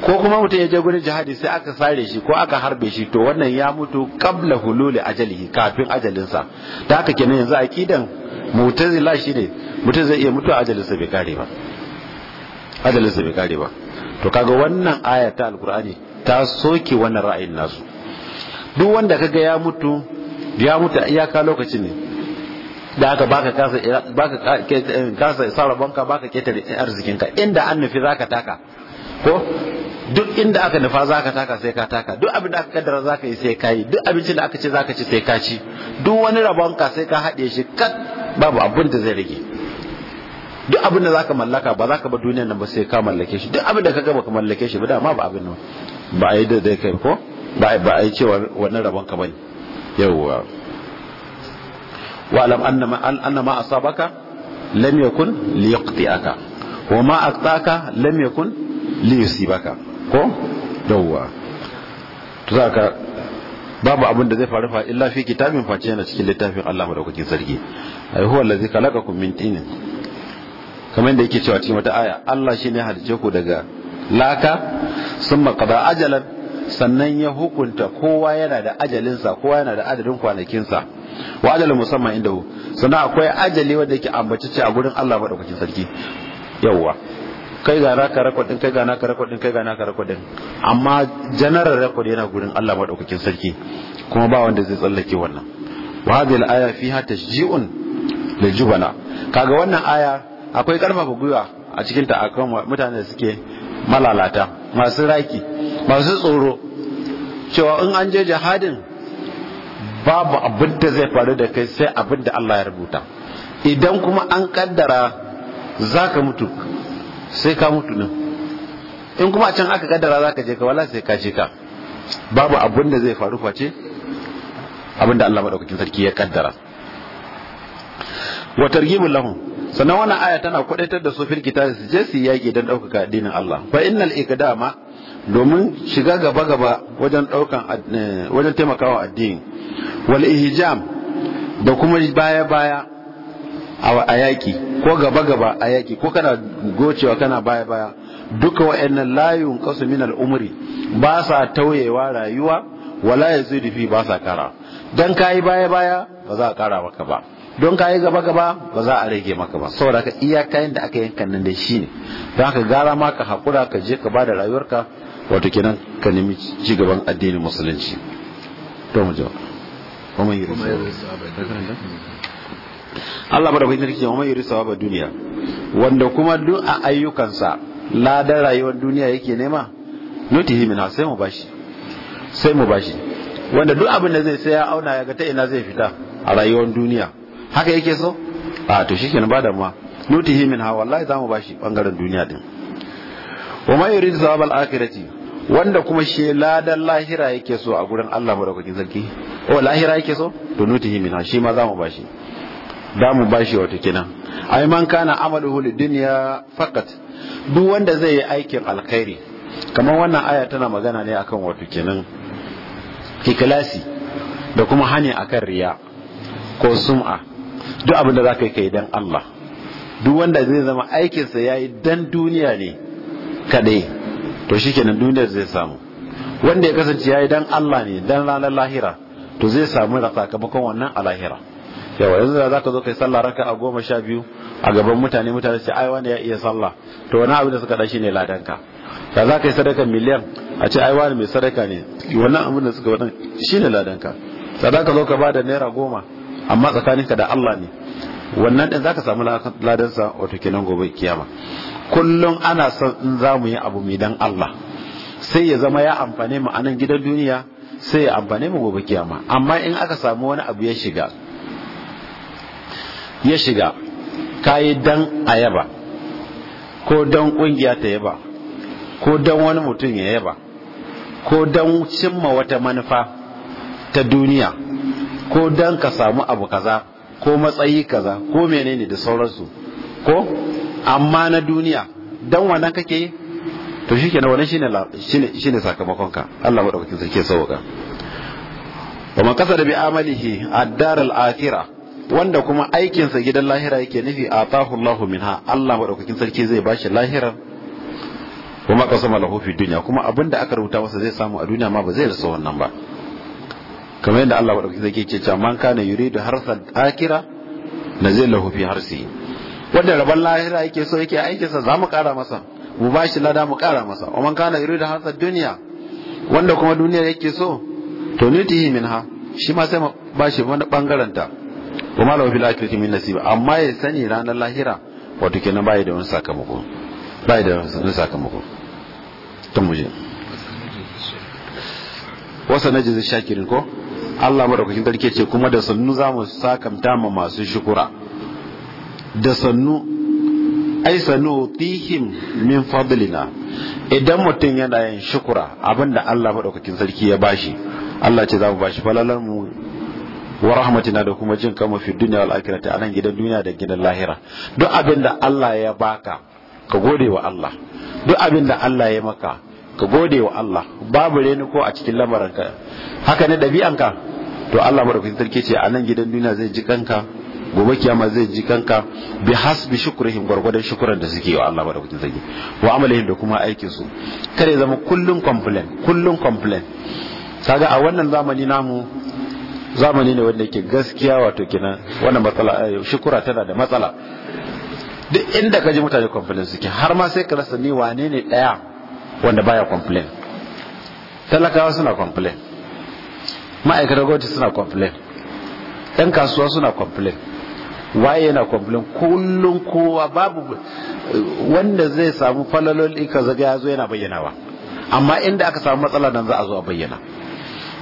ko kuma mutum ya je gurin jihadi sai aka sare shi ko aka harbe shi to wannan ya mutu kabla hululi ajalihi kafin ajalinsa da haka kenan yanzu aqidan mu'tazila ne mutum zai iya mutu ajalinsa bai kare ba ajalinsa bai kare ba to kaga wannan aya ta ta soke wannan ra'ayin nasu duk wanda kaga ya mutu ya mutu iyaka lokacin ne da aka baka kasa baka kasa sa rabonka baka ketare arzikinka inda an nufi zaka taka ko duk inda aka nufa zaka taka sai ka taka duk abin da aka kaddara zaka yi sai ka yi duk abincin da aka ce zaka ci sai ka ci duk wani rabonka sai ka haɗe shi kat babu abin da zai rage duk abin da zaka mallaka ba zaka ba duniyar nan ba sai ka mallake shi duk abin da ka gaba ka mallake shi ba dama ba abin nan ba a yi daidai kai ko ba a yi cewa wannan rabon ka bane yawwa wa alam annama annama asabaka lam yakun yaqti'aka wa ma aqtaka lam yakun yusibaka ko yawwa to zaka babu abin da zai faru fa illa fi kitabin face yana cikin littafin Allah da kuke sarki ai huwa allazi khalaqakum min tinin kamar yadda yake cewa cikin wata aya Allah shine halice ku daga laka sun makaba ajalar sannan ya hukunta kowa yana da ajalinsa kowa yana da adadin kwanakinsa wa ajalin musamman inda hu sannan akwai ajali wanda yake ambace a gurin Allah maɗaukakin sarki yawwa kai ga naka rekodin kai ga naka rekodin kai ga naka rekodin amma janaral rekod yana gurin Allah maɗaukakin sarki kuma ba wanda zai tsallake wannan wa hadhihi al-aya fiha tashji'un lil jubana kaga wannan aya akwai karfafa gwiwa a cikin ta akan mutane da suke malalata masu raki masu tsoro cewa in an je jihadin babu abin da zai faru da kai sai abin da Allah ya rubuta idan kuma an kaddara za ka mutu sai ka mutu din in kuma a can aka kaddara za ka je ka wala sai ka je ka babu abin da zai faru face abin da Allah maɗaukakin sarki ya kaddara wa targhibul lahum sannan wannan aya tana kwadaitar da su firgita su je su yi yaƙi don ɗaukaka addinin Allah fa innal ikdama domin shiga gaba gaba wajen eh, taimakawa addini wal ihjam da kuma baya baya a yaƙi ko gaba gaba a yaƙi ko kana gocewa kana baya baya duka wa'annan layun kasu min al'umri ba sa tauyewa rayuwa wala yazidu fi ba sa kara dan kai baya baya ba za a kara maka ba don ka yi gaba gaba ba za a rage maka ba saboda ka iya kayan da aka yanka nan da shi ne don haka gara ma ka hakura ka je ka ba da rayuwarka wato kenan ka nemi ci gaban addinin musulunci to mu jawab kuma yi Allah bai bayyana kike kuma yi sawaba duniya wanda kuma duk a ayyukansa ladan rayuwar duniya yake nema nutihi min sai mu bashi sai mu bashi wanda duk abin da zai sai ya auna ya ga ta ina zai fita a rayuwar duniya haka yake so a to shikenan ba damuwa nutihi min ha wallahi mu bashi bangaren duniya din wa may yurid thawab al akhirati wanda kuma shi ladan lahira yake so a gurin Allah madaukakin sarki o lahira yake so to nutihi min ha shi ma za mu bashi mu bashi wato kenan ai man kana amaluhu lid faqat duk wanda zai yi aikin alkhairi kamar wannan aya tana magana ne akan wato kenan ikhlasi da kuma hani akan riya ko sum'a duk abin da za ka yi yi dan Allah duk wanda zai zama aikinsa ya yi dan duniya ne kadai to shi kenan duniya zai samu wanda ya kasance ya yi dan Allah ne dan ranar lahira to zai samu da sakamakon wannan a lahira yawa yanzu da za ka zo kai sallah raka a goma sha biyu a gaban mutane mutane ce ai wani ya iya sallah to wani abin da suka ɗan shi ne ladanka da za ka yi sadaka miliyan a ce ai wani mai sadaka ne wannan abin da suka waɗan shi ne ladanka sadaka zo ka ba da naira goma amma tsakaninka da Allah ne wannan din zaka samu ladan wato kenan gobe kiyama kullum ana son in za mu yi abu mai dan Allah sai ya zama ya amfane mu a nan gidan duniya sai ya amfane mu gobe kiyama amma in aka samu wani abu ya shiga ya shiga kayi dan ayaba ko dan kungiya ta yaba ko dan wani mutum ya yaba ko dan cimma wata manufa ta duniya ko don ka samu abu kaza ko matsayi kaza ko menene da sauransu ko amma na duniya don wannan kake yi to ke wannan shine shine shine sakamakon ka Allah sarki sauka wa man kasada bi amalihi ad-dar al-akhirah wanda kuma aikinsa gidan lahira yake nufi atahu Allahu minha Allah ɗaukakin sarki zai bashi lahirar kuma kasama lahu fi dunya kuma abinda aka rubuta masa zai samu a duniya ma ba zai rasa wannan ba kamar yadda Allah wadda zai ke can man kana yuridu harsal akira na zai lahu fi harsi wanda rabon lahira yake so yake aikinsa za mu kara masa mu ba shi lada mu kara masa wa man kana yuridu harsal duniya wanda kuma duniya yake so to min minha shi ma sai mu ba shi wani bangaren ta wa ma lahu fi akhirati min nasiba amma ya sani ranar lahira wato kenan bai da wani sakamako bai da wani sakamako to muje wasa najizi shakirin ko Allah madaukakin sarki ce kuma da sannu zamu mu sakamta ma masu shukura da sannu ai sannu tihim min fadlina idan mutum yana yin shukura abinda Allah madaukakin sarki ya bashi Allah ce zamu mu bashi falalar mu wa rahmatina da kuma jin kama fi duniya wal akhirati anan gidan duniya da gidan lahira duk abinda Allah ya baka ka gode wa Allah duk abinda Allah ya maka ka gode wa Allah babu reni ko a cikin ka haka ne ɗabi'anka to Allah madaukakin sarki ce a nan gidan duniya zai ji kanka gobe kiyama zai ji kanka bi hasbi shukrihim gwargwadon shukuran da suke wa Allah madaukakin sarki wa amalihim da kuma aikin su kare zama kullun complain kullun complain kaga a wannan zamani namu zamani ne wanda yake gaskiya wato kenan wannan matsala eh, shukura tana da matsala duk inda ka ji mutane complain suke har ma sai ka rasa ni wane ne daya wanda baya complain talakawa suna complain ma'aikatar gwamnati suna complain ɗan kasuwa suna complain waye yana complain kullum kowa babu wanda zai samu falalol ika zaga ya zo yana bayyanawa amma inda aka samu matsala nan za a zo a bayyana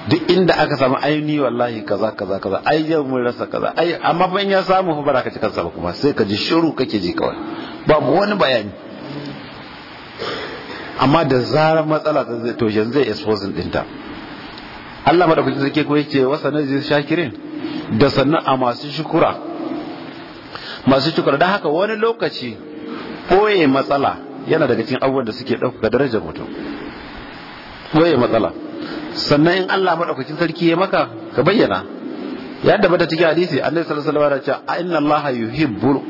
duk inda aka samu aini wallahi kaza kaza kaza ai yau mun rasa kaza ai amma ban ya samu fa baraka cikin sa kuma sai ka ji shiru kake ji kawai babu wani bayani amma da zarar matsala ta zai toshe zai exposing dinta Allah madaukakin sarki ko yake wasa na zai shakirin da sannan a masu shukura masu shukura da haka wani lokaci koye matsala yana daga cikin abubuwan da suke ɗaukaka darajar mutum koye matsala sannan in Allah madaukakin sarki ya maka ka bayyana yadda tabbata cikin hadisi annabi sallallahu alaihi wasallam ya ce inna allaha yuhibbul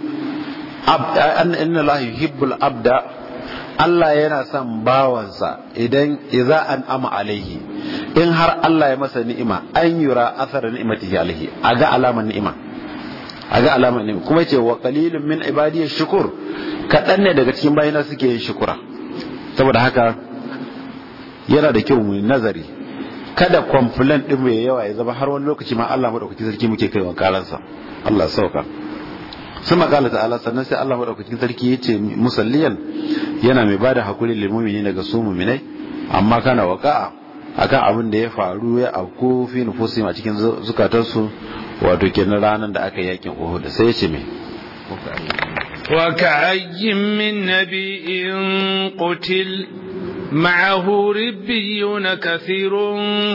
abda inna Allah yuhibbul abda Allah yana son bawansa idan iza an ama alaihi in har Allah ya masa ni'ima an yura athara ni'matihi alaihi a ga alaman ni'ima a ga alaman ni'ima kuma ce wa qalilun min ibadiy shukur kaɗan ne daga cikin bayina suke yin shukura saboda haka yana da kyau mu nazari kada complaint din mai yawa ya zama har wani lokaci ma Allah madaukaki sarki muke kaiwa karansa Allah sauka sun makala ta'ala sannan sai Allah maɗaukakin sarki ya ce musalliyan yana mai ba da haƙuri ne daga su muminai amma kana waƙa'a akan abin da ya faru ya auku fi nufusi a cikin zukatarsu wato kenan ranar da aka yi yakin uhud sai ya ce mai وكعي من نبي قتل معه ربيون كثير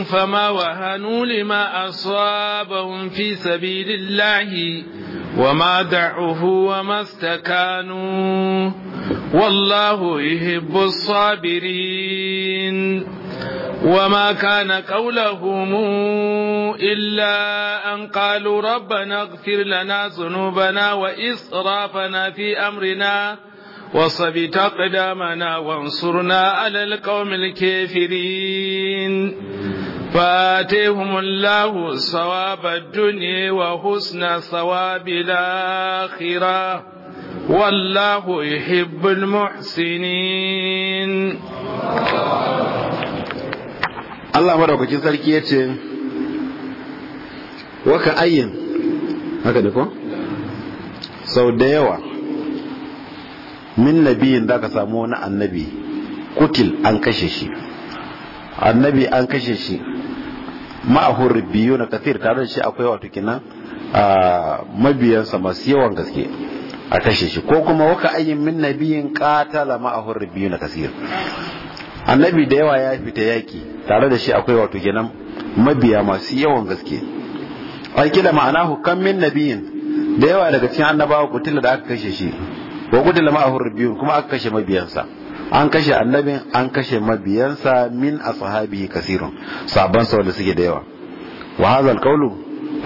فما وهنوا لما أصابهم في سبيل الله وما دعوه وما استكانوا والله يحب الصابرين وما كان قولهم إلا أن قالوا ربنا اغفر لنا ذنوبنا وإسرافنا في أمرنا وصبت أقدامنا وانصرنا على القوم الكافرين فآتيهم الله ثواب الدنيا وحسن ثواب الآخرة والله يحب المحسنين Allah madaukakin sarki ya ce waka ayyin haka da ko sau da yawa min nabiyin da ka samu wani annabi kutil an kashe shi annabi an kashe shi ma'ahur biyu na kafir tare da shi akwai wato kinan mabiyansa masu yawan gaske a kashe shi ko kuma waka ayyin min nabiyin katala ma'ahur biyu na kasir annabi da yawa ya fita yaki tare da shi akwai wato kenan mabiya masu yawan gaske an kila ma'ana kan min nabiyin da yawa daga cikin annabawa kutila da aka kashe shi wa kutila ma'ahu biyun kuma aka kashe mabiyansa an kashe annabin an kashe mabiyansa min ashabi kasirun Sabon sa wanda suke da yawa wa hadha alqawlu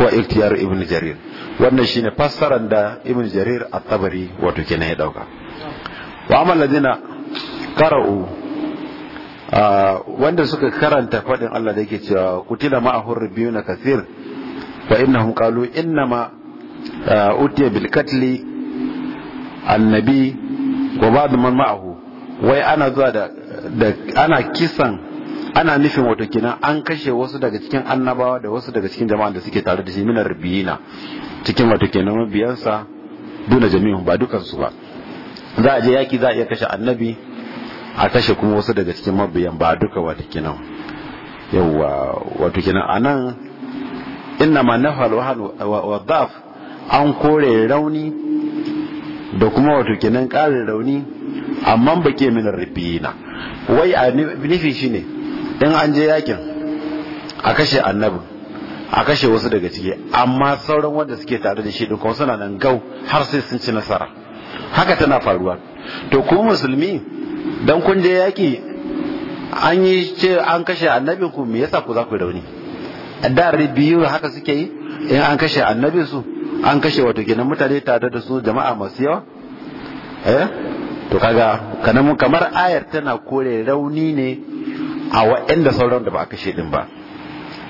wa ikhtiyar ibn jarir wannan shine fassarar da ibn jarir at-tabari wato kenan ya dauka wa amal ladina qara'u Ah, wanda suka karanta faɗin Allah da yake cewa kutila ma'ahur rubiyuna kathir fa innahum qalu ma ah, utiya bil katli annabi wa ba man ma'ahu wai ana zuwa da ana kisan ana nufin wato kenan an kashe wasu daga cikin annabawa da wasu daga cikin jama'an da suke tare da shi minar rubiyina cikin wato kenan mabiyansa duna jami'un ba dukansu ba za a je yaki za a iya kashe annabi a kashe kuma wasu daga cikin mabiyan ba duka wata kinan yawwa wato kinan anan ina ma nafal wa an kore rauni da kuma wata kinan karin rauni amma ba ke min na wai a shi ne in an je yakin a kashe annabi a kashe wasu daga ciki amma sauran wanda suke tare da shi ɗin kuma suna nan gau har sai sun ci nasara haka tana faruwa to ku musulmi dan kun je yaki an yi ce an kashe annabi ku me yasa ku za ku rauni da biyu haka suke yi in an kashe annabi su an kashe wato kenan mutane tare da su jama'a masu yawa eh to kaga kanan kamar ayar tana kore rauni ne a waɗanda sauran da ba a kashe din ba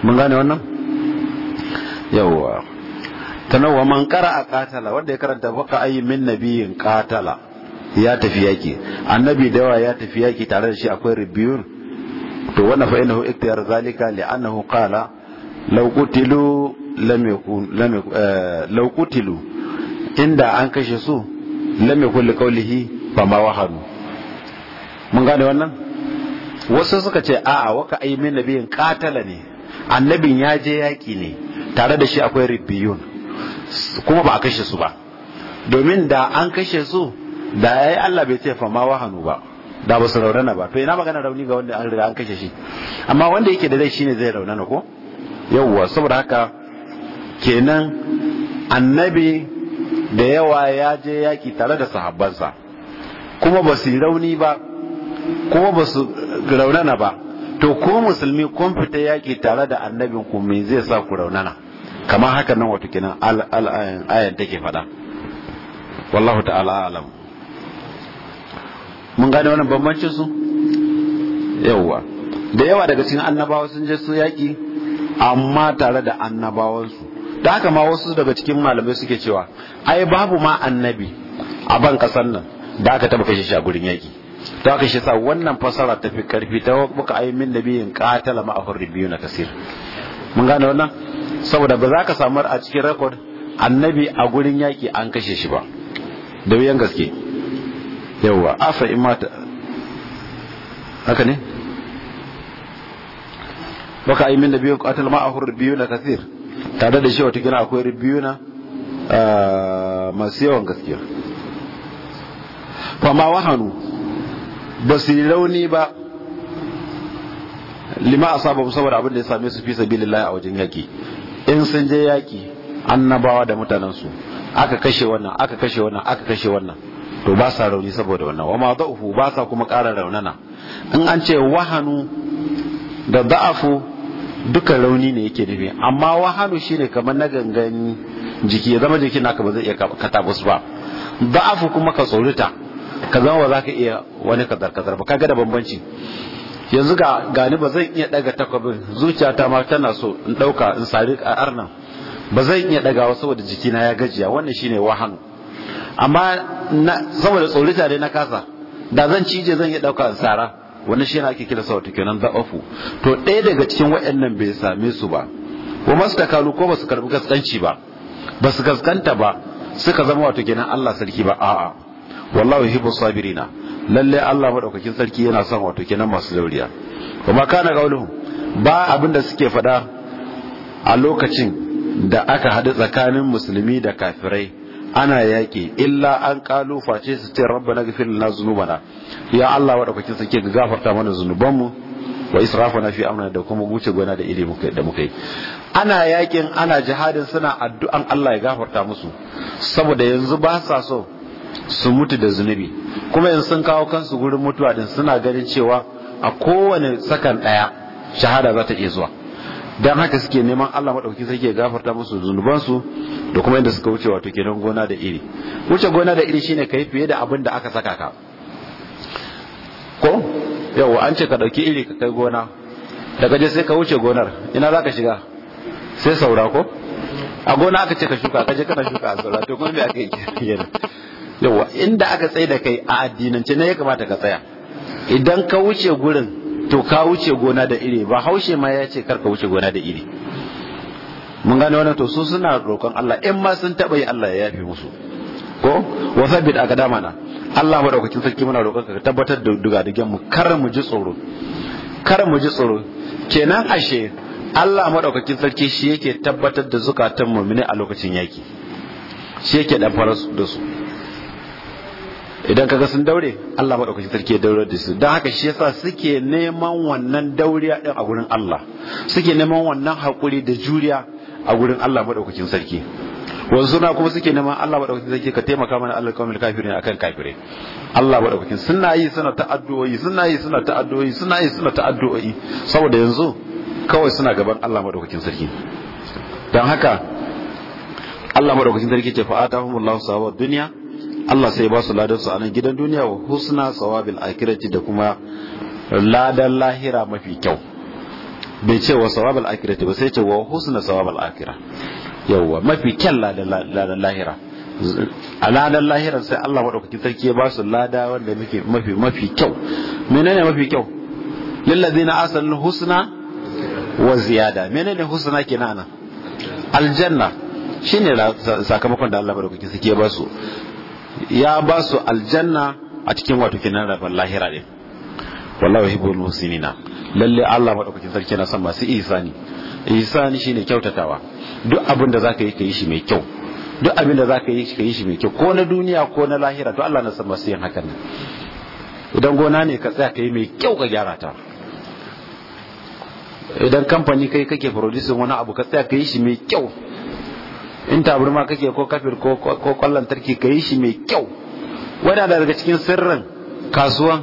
mun gane wannan yawwa tanawa man qara'a a qatala wanda ya karanta baka ayi min nabiyin qatala ya tafi yaki annabi da yawa ya tafi yaki tare da shi akwai rubiyun. to wanda fa innahu iktiyar zalika li'annahu qala law qutilu lam yakun lam eh, law qutilu inda an kashe su lam yakun li qawlihi ma wahanu mun gane wannan wasu suka ce a'a waka ai min nabiyin katala ne annabin ya je yaki ne tare da shi akwai rubiyun. kuma ba a kashe su ba domin da an kashe su da ya yi Allah bai ce fa ma wahanu ba da ba su raunana ba to ina magana rauni ga wanda an riga kashe shi amma wanda yake da rai shine zai raunana ko yawwa saboda haka kenan annabi da yawa ya je yaki tare da sahabbansa kuma ba su rauni ba kuma ba su raunana ba to ko musulmi kun fita yaki tare da annabin ku me zai sa ku raunana kamar haka nan wato kenan ayan take faɗa wallahu ta'ala alam mun gane wannan bambancin su yawwa da yawa daga cikin annabawa sun je su yaki amma tare da su da haka ma wasu daga cikin malamai suke cewa ai babu ma annabi a ban kasan nan da aka taba kashe shi a gurin yaki to haka shi sa wannan fasara ta fi karfi ta buka ai min nabiyin qatala ma ahur biyu na kasir mun gane wannan saboda ba za ka samu a cikin record annabi a gurin yaki an kashe shi ba da wuyan gaske yawa afa imata haka ne baka yi min da biyu katal ma a hurri biyu na kasir tare da shi wata gina akwai biyu na ah, masu yawan gaskiya fama wahanu ba su yi rauni ba lima a sabon saboda abin da ya same su fi sabilillahi a wajen yaki in sun je yaki annabawa da mutanensu aka kashe wannan aka kashe wannan aka kashe wannan to ba sa rauni saboda wannan wa da'ufu ba sa kuma ƙara raunana in an ce wahanu da da'afu duka rauni ne yake nufi amma wahanu shine kamar na gangan jiki ya zama jiki naka ba zai iya katabus ba da'afu kuma ka tsorita ka zama ba za ka iya wani kazar kazar ba kaga da bambanci yanzu ga gani ba zan iya daga takwabin zuciyata ma tana so in dauka in sari a arna ba zan iya wasu saboda jikina ya gajiya wannan shine wahanu amma saboda tsorita dai na kasa da zan cije zan iya ɗauka tsara wani shi ake kira sauti kenan da to ɗaya daga cikin waɗannan bai same su ba kuma su takalu ko ba su karɓi gaskanci ba ba su gaskanta ba suka zama wato kenan Allah sarki ba a'a wallahi hibu sabirina lalle Allah madaukakin sarki yana son wato kenan masu dauriya kuma kana gaulu ba abin da suke fada a lokacin da aka hadu tsakanin musulmi da kafirai ana yaƙi illa an kalu face su ce na ghfir na zunubana ya Allah wadaukakin sarki ka gafarta mana zunubanmu wa na fi amna da kuma guce gona da iri da muka yi ana yakin ana jihadin suna addu'an Allah ya gafarta musu saboda yanzu ba sa so su mutu da zunubi kuma in sun kawo kansu gurin mutuwa din suna ganin cewa a kowane sakan ɗaya shahada za ta iya zuwa dan haka suke neman Allah madauki sai ke gafarta musu zunubansu da kuma inda suka wuce wato kenan gona da iri wuce gona da iri shine kai fiye da abin da aka saka ka ko yawa an ce ka dauki iri ka kai gona daga je sai ka wuce gonar ina zaka shiga sai saura ko a gona aka ce ka shuka ka je kana shuka a saura to kuma me aka yi yawa inda aka tsaye da kai a addinance ne ya kamata ka tsaya idan ka wuce gurin to ka wuce gona da iri ba haushe ma ya ce karka wuce gona da iri mun gane wannan to su suna roƙon Allah in ma sun taɓa yi Allah ya yafe musu ko wa sabbit na. Allah madaukakin sarki muna roƙon ka tabbatar da da mu kar mu ji tsoro kar mu ji tsoro kenan ashe Allah madaukakin sarki shi yake tabbatar da zukatan mu'mini a lokacin yaki shi yake dan faras da su idan kaga sun daure Allah madaukakin sarki ya daure da su don haka shi yasa suke neman wannan daure din a gurin Allah suke neman wannan hakuri da juriya a gurin Allah madaukakin sarki wasu suna kuma suke neman Allah madaukakin sarki ka taimaka mana Allah kawai kafirin akan kafire Allah madaukakin suna yi suna ta'addu'o'i suna yi suna ta'addu'o'i suna yi suna ta'addu'o'i saboda yanzu kawai suna gaban Allah madaukakin sarki don haka Allah madaukakin sarki ce fa'atahumullahu sawa duniya Allah sai ba su ladan su a nan gidan duniya wa husna sawabil akhirati da kuma ladan lahira mafi kyau bai ce wa sawabil akhirati ba sai ce wa husna sawabil akhira yawwa mafi kyan ladan lahira a ladan lahiran sai Allah madaukakin sarki ya ba su lada wanda mafi mafi mafi kyau menene mafi kyau lillazina asalin husna wa ziyada menene husna kenan aljanna shine sakamakon da Allah madaukakin sarki ya ba su ya ba su aljanna a cikin wato kenan rabon lahira din wallahi hibu musinina lalle Allah madaukakin sarki na son masu ihsani ihsani shine kyautatawa duk abin da zaka yi ka yi shi mai kyau duk abin da zaka yi ka yi shi mai kyau ko na duniya ko na lahira to Allah na san masu yin hakan nan idan gona ne ka tsaya ka yi mai kyau ka gyara ta idan kamfani kai kake producing wani abu ka tsaya ka yi shi mai kyau in taburma kake ko kafir ko kwallon tarki ka yi shi mai kyau wadda daga cikin sirrin kasuwan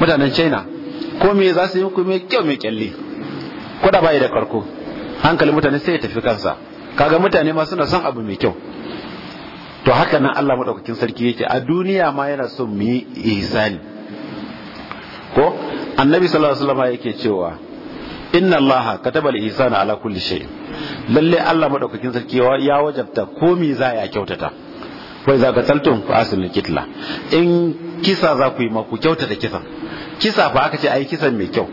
mutanen china ko me za su yi muku mai kyau mai kyalli ko da bayi da karko hankali mutane sai ya tafi kansa kaga mutane ma suna son abu mai kyau to haka nan Allah madaukakin sarki yake a duniya ma yana son mu yi ihsani ko annabi sallallahu alaihi wasallam yake cewa inna allaha katabal ihsana ala kulli shay'in lalle Allah madaukakin sarki ya wajabta ko me za ya kyautata wai za ka taltun ku asilin kitla in kisa za ku yi ma ku kyautata kisan kisa fa aka ce ai kisan mai kyau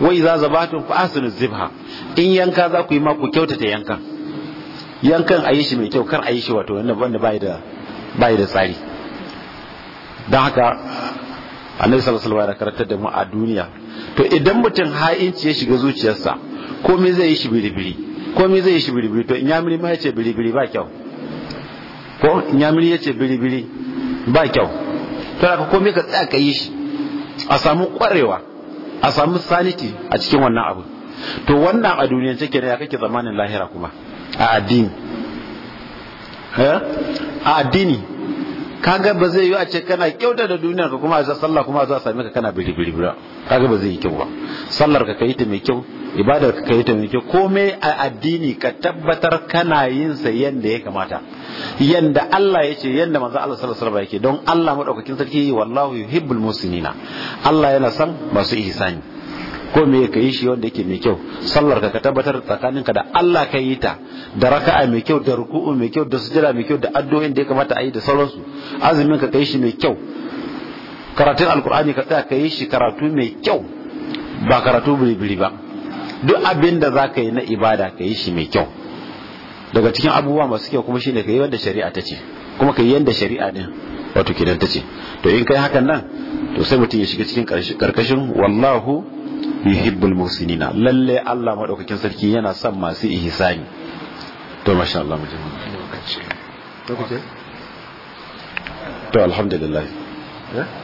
wai za zabatun fa asilin zibha in yanka za ku yi ma ku kyautata yankan yankan a yi shi mai kyau kar a yi shi wato wanda bai da bai da tsari don haka annabi sallallahu alaihi wasallam karantar da mu a duniya to idan mutum ha'inci ya shiga zuciyarsa komai zai yi shi biri-biri komi zai shi biribiri to inyamiri ma ya ce biribiri ba kyau ko inyamiri ya ce biribiri ba kyau to da komai ka tsaya ka yi shi a samu kwarewa a samu saniti a cikin wannan abu to wannan a duniyan take ne ya kake zamanin lahira kuma a addini eh? a addini kaga ba zai yi a ce kana kyauta da duniyar ka kuma a sallah kuma za a sami ka kana biri biri ba kaga ba zai yi kyau ba sallar ka kai ta mai kyau ibadar ka kai ta mai kyau komai a addini ka tabbatar kana yin sa yanda ya kamata yanda Allah ya ce yanda manzo Allah sallallahu alaihi wasallam yake don Allah madaukakin sarki wallahu yuhibbul muslimina Allah yana son masu ihsani ko me ka yi shi wanda yake mai kyau sallar ka ka tabbatar tsakaninka da Allah ka yi ta da raka'a mai kyau da ruku'u mai kyau da sujjada mai kyau da addu'o'in da ya kamata a yi da sauransu azumin ka kai shi mai kyau karatun alkur'ani ka tsaya ka yi shi karatu mai kyau ba karatu biribiri ba duk abin da za ka yi na ibada ka yi shi mai kyau daga cikin abubuwa masu kyau kuma shine ka yi wanda shari'a ta ce kuma ka yi yanda shari'a din wato kidan ta ce to in kai hakan nan to sai mutum ya shiga cikin karkashin wallahu yuhibbul muhsinina lalle Allah madaukakin sarki yana son masu ihsani to masha Allah mu je to alhamdulillah eh?